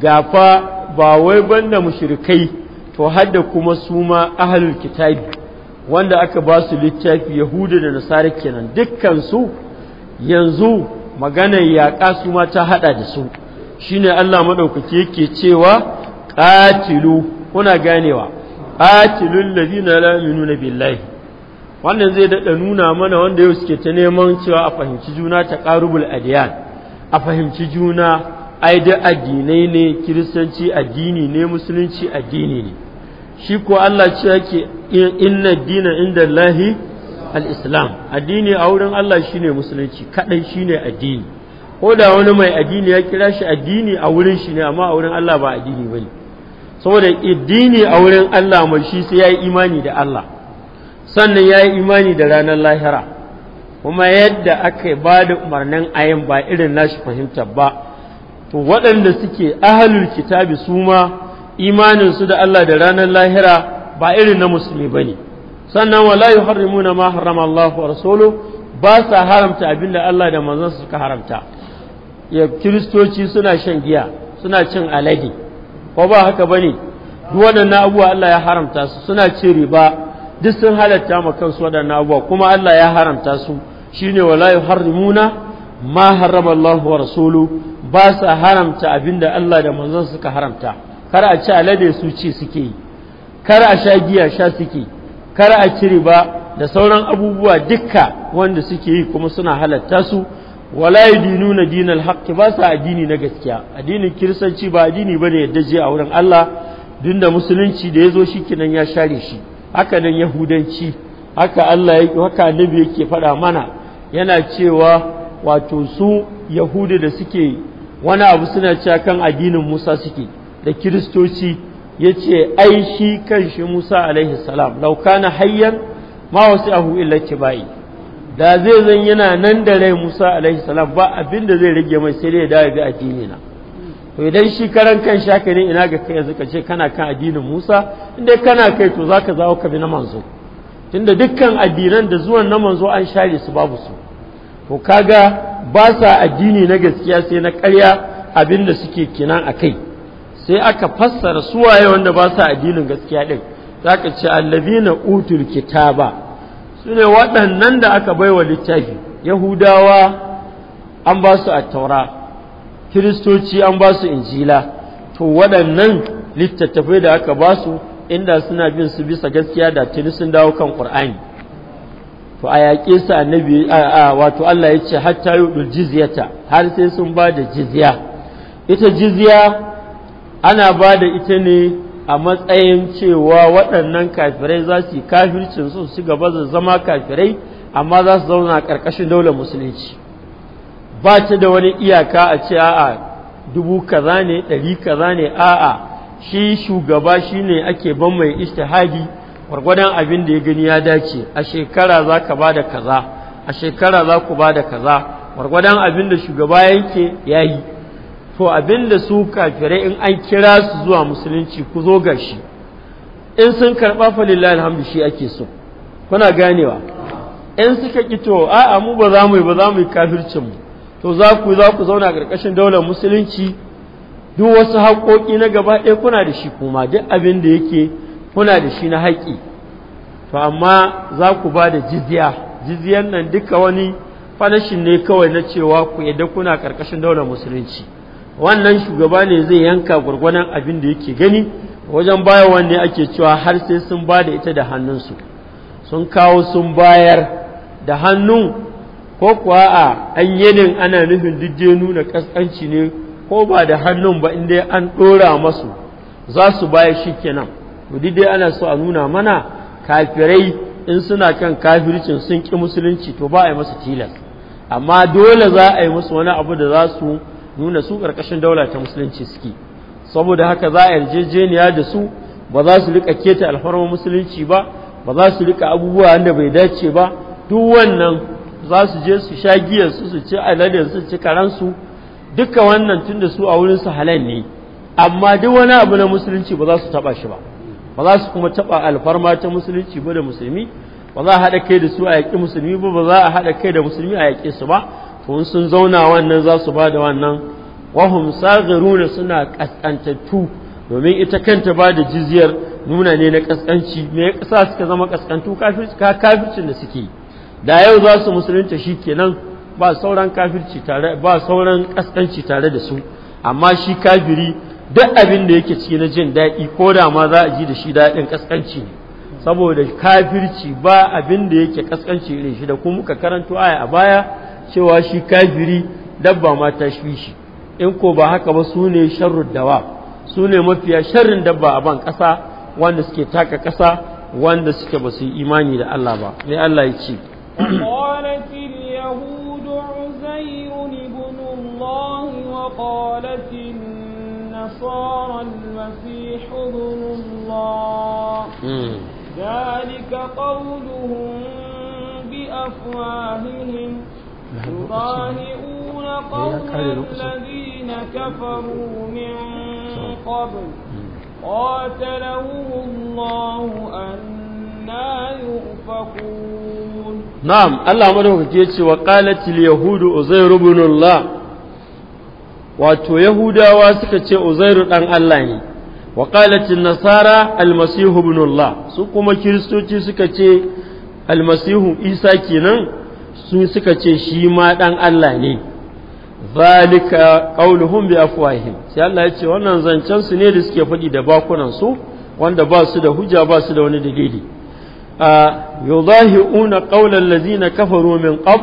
gafa ba wai banda mushrikai to har da kuma su ma ahlul kitabi wanda aka ba su littafi yahuda da nasara kenan dukkan su yanzu maganar yaƙa su ma ta haɗa da su shine Allah maɗaukaki yake cewa ƙatilu kuna ganewa ƙatilun na la yu'minuna billahi wannan zai daɗa nuna mana wanda yau suke ta neman cewa a fahimci juna ta ƙarubul adiyan a fahimci juna ai da addinai ne kiristanci addini ne musulunci addini ne shi ko Allah ce yake inna dina inda lahi Al'islam, addini a wurin Allah shi ne musulunci shi ne addini ko da wani mai addini ya kira shi addini a wurin shi ne amma a wurin Allah ba addini ba ne saboda addini a wurin Allah mai shi sai ya yi imani da Allah sannan ya yi imani da ranar lahira kuma yadda aka ba da umarnin ayin ba irin nashi fahimta ba to waɗanda suke ahalul kitabi su ma imaninsu da Allah da ranar lahira ba irin na musulmi ba ne sannan wala yuharrimuna ma harrama Allah wa rasuluhu ba sa haramta abin da Allah da manzon suka haramta ya kiristoci suna shan giya suna cin alade ko ba haka bane duk wadannan abubuwa Allah ya haramta su suna cin riba duk sun halatta ma kansu wadannan abubuwa kuma Allah ya haramta su shine wala yuharrimuna ma harrama Allah wa rasuluhu ba sa haramta abin da Allah da manzon suka haramta kar a ci alade su ci suke yi kar a sha giya sha suke yi kar a kiri ba da sauran abubuwa dukka wanda suke yi kuma suna halatta su wala na dinar haƙƙi ba sa addini na gaskiya addinin kiristanci ba addini ne yadda je a wurin Allah da musulunci da ya zo shi kinan ya share shi haka nan yahudanci haka Allah yake haka annabi yake faɗa mana yana cewa wato su yahudi da suke wani abu suna cewa kan addinin Musa suke da kiristoci ya ce ai shi kan shi musa alaihi salam laukana hayyan ma wasu ahu illa bayi da zai zan yana nan da rai musa alaihi salam ba abin da zai rage mai sai dai ya ga addini na to idan shi karan kan shaka ne ina ga kai yanzu ka ce kana kan addinin musa in dai kana kai to zaka zawo ka bi na manzo tunda dukkan addinan da zuwan na manzo an share su babu su to kaga ba sa addini na gaskiya sai na ƙarya abin da suke kinan a kai sai aka fassara suwaye wanda ba su addinin gaskiya din zaka ce allazina utul kitaba sune waɗannan da aka baiwa littafi yahudawa an ba su attaura kiristoci an ba su injila to waɗannan littattafai da aka ba su inda suna bin su bisa gaskiya da tuni sun dawo kan qur'ani to a yaƙe su annabi wato Allah ya ce hatta yudul jizyata har sai sun ba da jizya ita jizya ana ba da ita ne a matsayin cewa waɗannan kafirai za su yi kafircin su su gaba da zama kafirai amma za su zauna ƙarƙashin daular musulunci ba ta da wani iyaka a ce a'a dubu kaza ne ɗari kaza ne a'a shi shugaba shi ne ake ban mai ishtihadi gwargwadon abin da ya gani ya dace a shekara za ka ba da kaza a shekara za ku ba da kaza gwargwadon abin da shugaba yanke ya yi to abinda su kafirai in an kira su zuwa musulunci ku zo gashi in sun karɓa fa lillahi alhamdu shi ake so kuna ganewa in suka ki to a'a mu ba za mu yi ba za mu yi kafircin mu to za ku za ku zauna ƙarƙashin daular musulunci duk wasu haƙoƙi na gaba ɗaya kuna da shi kuma duk abin da yake kuna da shi na haƙƙi? to amma za ku ba da jiziya, jiziyan nan duka wani fanashin ne kawai na cewa ku yadda kuna ƙarƙashin daular musulunci wannan shugaba ne zai yanka gwargwadon abin da yake gani wajen bayarwa ne ake cewa har sai sun ba da ita da hannunsu sun kawo sun bayar da hannun ko kuwa a an yanin ana nufin didde nuna kaskanci ne ko ba da hannun ba inda an ɗora masu za su baya shi kenan didde ana so a nuna mana kafirai in suna kan kafircin sun ƙi musulunci to ba a yi masu tilas amma dole za a yi musu wani abu da za su nuna su ƙarƙashin daula ta musulunci suke saboda haka za a yarjejeniya da su ba za su rika keta alfarmar musulunci ba ba za su rika abubuwa wanda bai dace ba duk wannan za su je su sha giyar su su ci su ci karansu duka wannan tun da su a wurin su halal ne amma duk wani abu na musulunci ba za su taba shi ba ba za su kuma taba alfarma ta musulunci ba da musulmi ba za a haɗa kai da su a yaƙi musulmi ba ba za a haɗa kai da musulmi a yaƙe su ba kun sun zauna wannan za su ba da wannan wahum sagiruna suna kaskantattu domin ita kanta ba da jizyar nuna ne na kaskanci me yasa suka zama kaskantu kafircin da suke da yau za su musulunta kenan ba sauran kafirci tare ba sauran kaskanci tare da su amma shi kafiri duk abin da yake ciki na jin daɗi ko da ma za a ji da shi daɗin kaskanci ne saboda kafirci ba abin da yake kaskanci irin shi da kuma muka karanto aya a baya cewa shi kafiri dabba ma ta shi shi in ko ba haka ba su ne sharrud dawa su ne mafiya sharrin dabba a ban ƙasa wanda suke taka ƙasa wanda suke ba su yi imani da Allah ba ne Allah ya ce قالت اليهود عزير ابن الله وقالت النصارى المسيح ابن الله ذلك قولهم بأفواههم Na'am, Allah الذين كفروا من قبل قاتلهم الله أنا يؤفكون نعم الله مدوك كيتش وقالت wato yahudawa suka ce uzairu ɗan Allah ne wa qalatin nasara almasihu ibnullah su kuma kiristoci suka ce almasihu isa kenan su suka ce shi ma ɗan Allah ne zalika qauluhum bi afwahihim sai Allah ya ce wannan zancensu ne da suke faɗi da bakunan su wanda ba su da hujja ba su da wani dalili a ƙaunar lazi na kafa min ƙaf?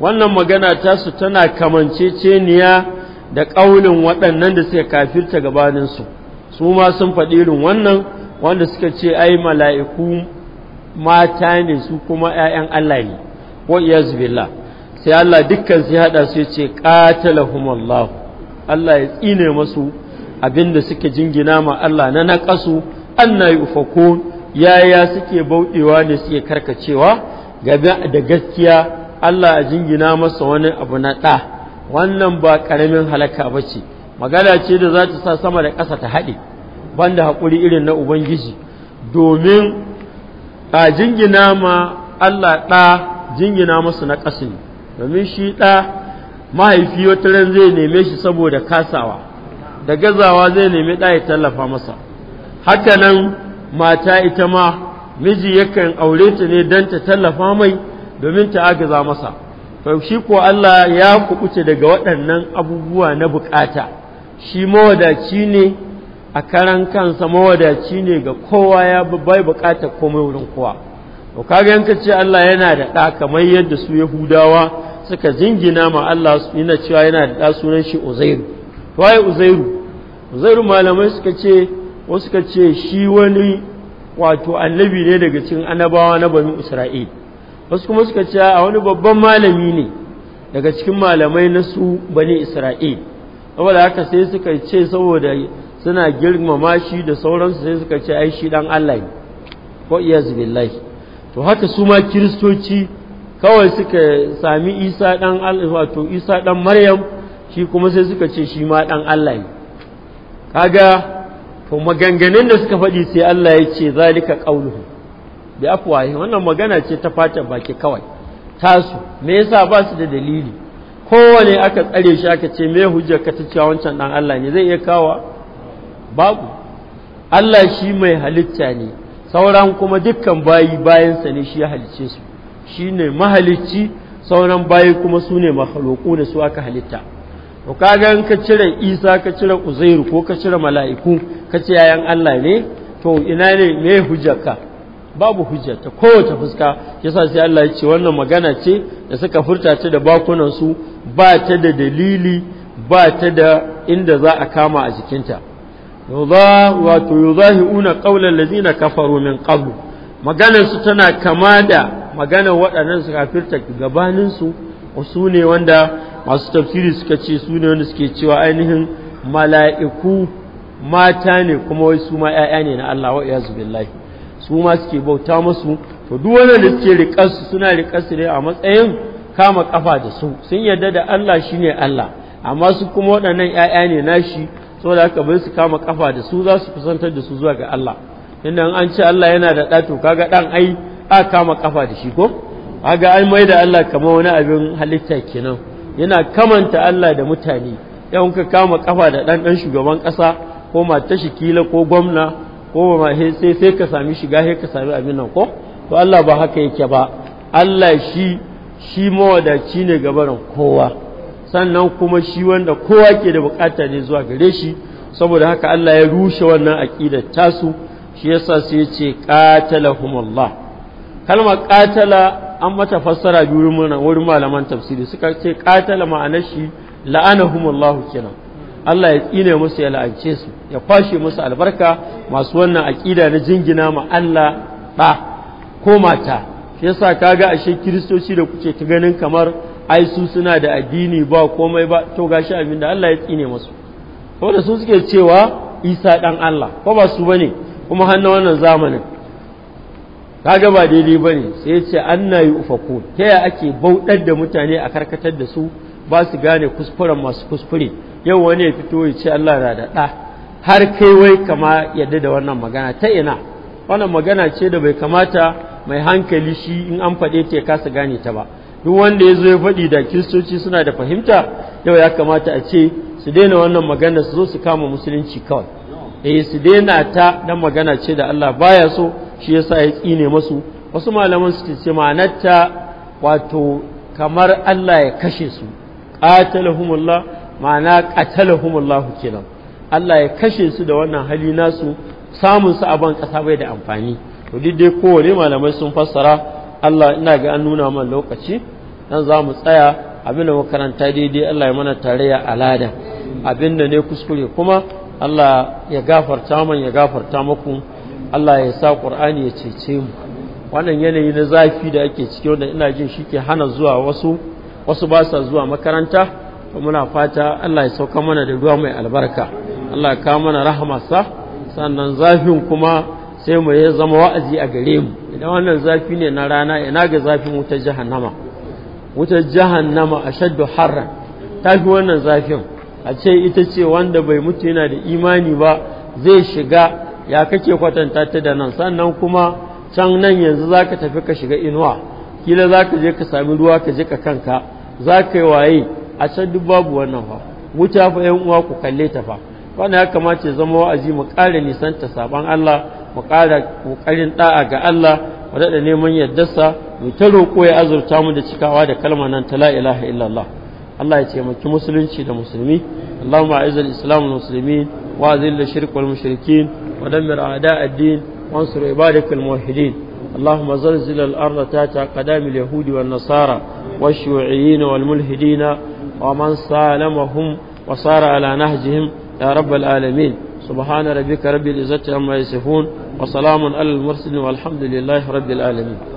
wannan magana ta su tana kamanceceniya da ƙaulin waɗannan da suka kafirta gabanin su su ma sun faɗi irin wannan wanda suka ce ai mala'iku mata ne su kuma ‘ya'yan Allah ne wa iyazu billah sai Allah dukkan sai hada su yace qatalahumullah Allah ya tsine masu abinda suke jingina ma Allah na naqasu anna yufakun yaya suke bauɗewa ne suke karkacewa gaba da gaskiya Allah a jingina masa wani abu na ɗa wannan ba karamin halaka bace magana ce da za ta sa sama da ƙasa ta haɗe banda haƙuri irin na Ubangiji domin a jingina ma Allah ɗa jingina masu na ƙasin domin shi ɗa mahaifi wata ran zai neme shi saboda kasawa da gazawa zai neme ɗa ya tallafa masa haka nan mata ita ma miji yakan aure ta ne don ta tallafa mai domin ta agaza masa shi ko Allah ya kubuce daga waɗannan abubuwa na bukata shi mawadaci ne a karan kansa mawadaci ne ga kowa ya bai bukata komai wurin kowa to kaga yanka ce Allah yana da ɗa kamar yadda su yahudawa suka zingina ma Allah yana cewa yana da ɗa sunan shi uzairu to uzairu uzairu malamai suka ce wasu suka ce shi wani wato annabi ne daga cikin annabawa na bani isra'il wasu kuma suka ce a wani babban malami ne daga cikin malamai na su bani isra'il saboda haka sai suka ce saboda suna girmama shi da sauransu sai suka ce ai shi dan Allah ne ko iya billahi to haka su ma kiristoci kawai suka sami isa ɗan wato isa ɗan maryam shi kuma sai suka ce shi ma ɗan allah ne kaga to maganganun da suka faɗi sai allah ya ce zalika ƙauluhu da afwahi wannan magana ce ta fata baki kawai tasu me yasa ba su da dalili kowane aka tsare shi aka ce me hujjar ka ta cewa wancan dan allah ne zai iya kawa babu allah shi mai halitta ne sauran kuma dukkan bayi bayansa ne shi ya halice su shi ne mahalicci sauran bayi kuma su ne mahaloku da su aka halitta to kaga in ka cire isa ka cire uzairu ko ka cire mala'iku ka ce yayan allah ne to ina ne me hujjarka babu hujjata kowace fuska yasa sai allah ya ce wannan magana ce da suka furta ta da bakunansu ba ta da dalili ba ta da inda za a kama a jikinta wato yuzahi'una qawlan lazina kafaru min qabl maganar su tana kama da maganar waɗannan su kafirta gabanin su su ne wanda masu tafsiri suka ce su ne wanda suke cewa ainihin mala'iku mata ne kuma wai su ma ‘ya'ya ne na Allah wa iyazu billahi su ma suke bauta musu to duk wanda da suke su suna su ne a matsayin kama ƙafa da su sun yarda da Allah shine Allah amma su kuma waɗannan ‘ya'ya ne nashi saboda haka bai su kama kafa da su za su kusantar da su zuwa ga Allah inda an ce Allah yana da ɗa to kaga ɗan ai a kama kafa da shi ko kaga an mai da Allah kamar wani abin halitta kenan yana kamanta Allah da mutane yan ka kama kafa da ɗan ɗan shugaban ƙasa ko mata shi kila ko gwamna ko ma sai sai ka sami shiga sai ka sami abin nan ko to Allah ba haka yake ba Allah shi shi mawadaci ne gabaran kowa sannan kuma shi wanda kowa ke da bukata ne zuwa gare shi saboda haka Allah ya rushe wannan aqidar tasu shi yasa sai ya ce Allah kalmar qatala an mata fassara biyu wurin malaman tafsiri suka ce qatala ma'anar shi Allah kenan Allah ya tsine musu ya la'ance su ya kwashe musu albarka masu wannan aqida na jingina ma Allah ɗa ko mata shi yasa kaga ashe kiristoci da kuke ta ganin kamar ai su suna da addini ba komai ba to gashi abin da Allah ya tsine masu saboda su suke cewa isa dan Allah ko ba su bane kuma har wannan zamanin kaga ba daidai bane sai ya ce anna yufaku ta ya ake bauɗar da mutane a karkatar da su ba su gane kuskuren masu kuskure yau wani ya fito ya ce Allah na da da har kai wai kama yadda da wannan magana ta ina wannan magana ce da bai kamata mai hankali shi in an faɗe ta ya kasa gane ta ba duk wanda ya zo ya faɗi da kiristoci suna da fahimta yau ya kamata a ce su daina wannan magana su zo su kama musulunci kawai eh su daina ta dan magana ce da Allah baya so shi yasa ya tsine masu wasu malaman su ce ma'anarta wato kamar Allah ya kashe su qatalahumullah ma'ana qatalahumullahu kenan Allah ya kashe su da wannan hali nasu samun su a ban kasa bai da amfani to duk dai kowane malamai sun fassara Allah ina ga an nuna man lokaci nan za mu tsaya abin da makaranta daidai Allah ya mana tarayya alada abin da ne kuskure kuma Allah ya gafarta man ya gafarta muku Allah ya sa Qur'ani ya cece mu wannan yanayi na zafi da ake ciki wanda ina jin shi ke hana zuwa wasu wasu ba sa zuwa makaranta muna fata Allah ya sauka mana da ruwa mai albarka Allah ya kawo mana sa. sannan zafin kuma sai mu ya zama wa'azi a gare mu idan wannan zafi ne na rana ina ga zafin wuta jahannama wutar jahannama a shaddu harran ta fi wannan zafin a ce ita ce wanda bai mutu yana da imani ba zai shiga ya kake kwatanta ta da nan sannan kuma can nan yanzu za ka tafi ka shiga inuwa kila za ka je ka sami ruwa ka je ka kanka za ka yi waye a can duk babu wannan fa wuta fa yan uwa ku kalle ta fa wannan ya kamata ya zama wa'azi mu ƙara nisanta saban Allah mu ƙara ƙoƙarin ɗa'a ga Allah mu daɗa neman yardarsa ta roƙo ya azurta mu da cikawa da kalma nan ta la ilaha illallah Allah ya ce maki musulunci da musulmi Allahumma a'izzal islamu muslimin wa da shirku wal mushrikin wa dammir a'da ad-din wa ansur ibadakal muwahhidin Allahumma zalzil ta'ta qadam al-yahudi wal nasara wal shu'iyyin wal mulhidin wa man salamahum wa sara ala nahjihim ya rabbal alamin subhana rabbika rabbil izzati amma yasifun wa salamun al-mursalin walhamdulillahi rabbil alamin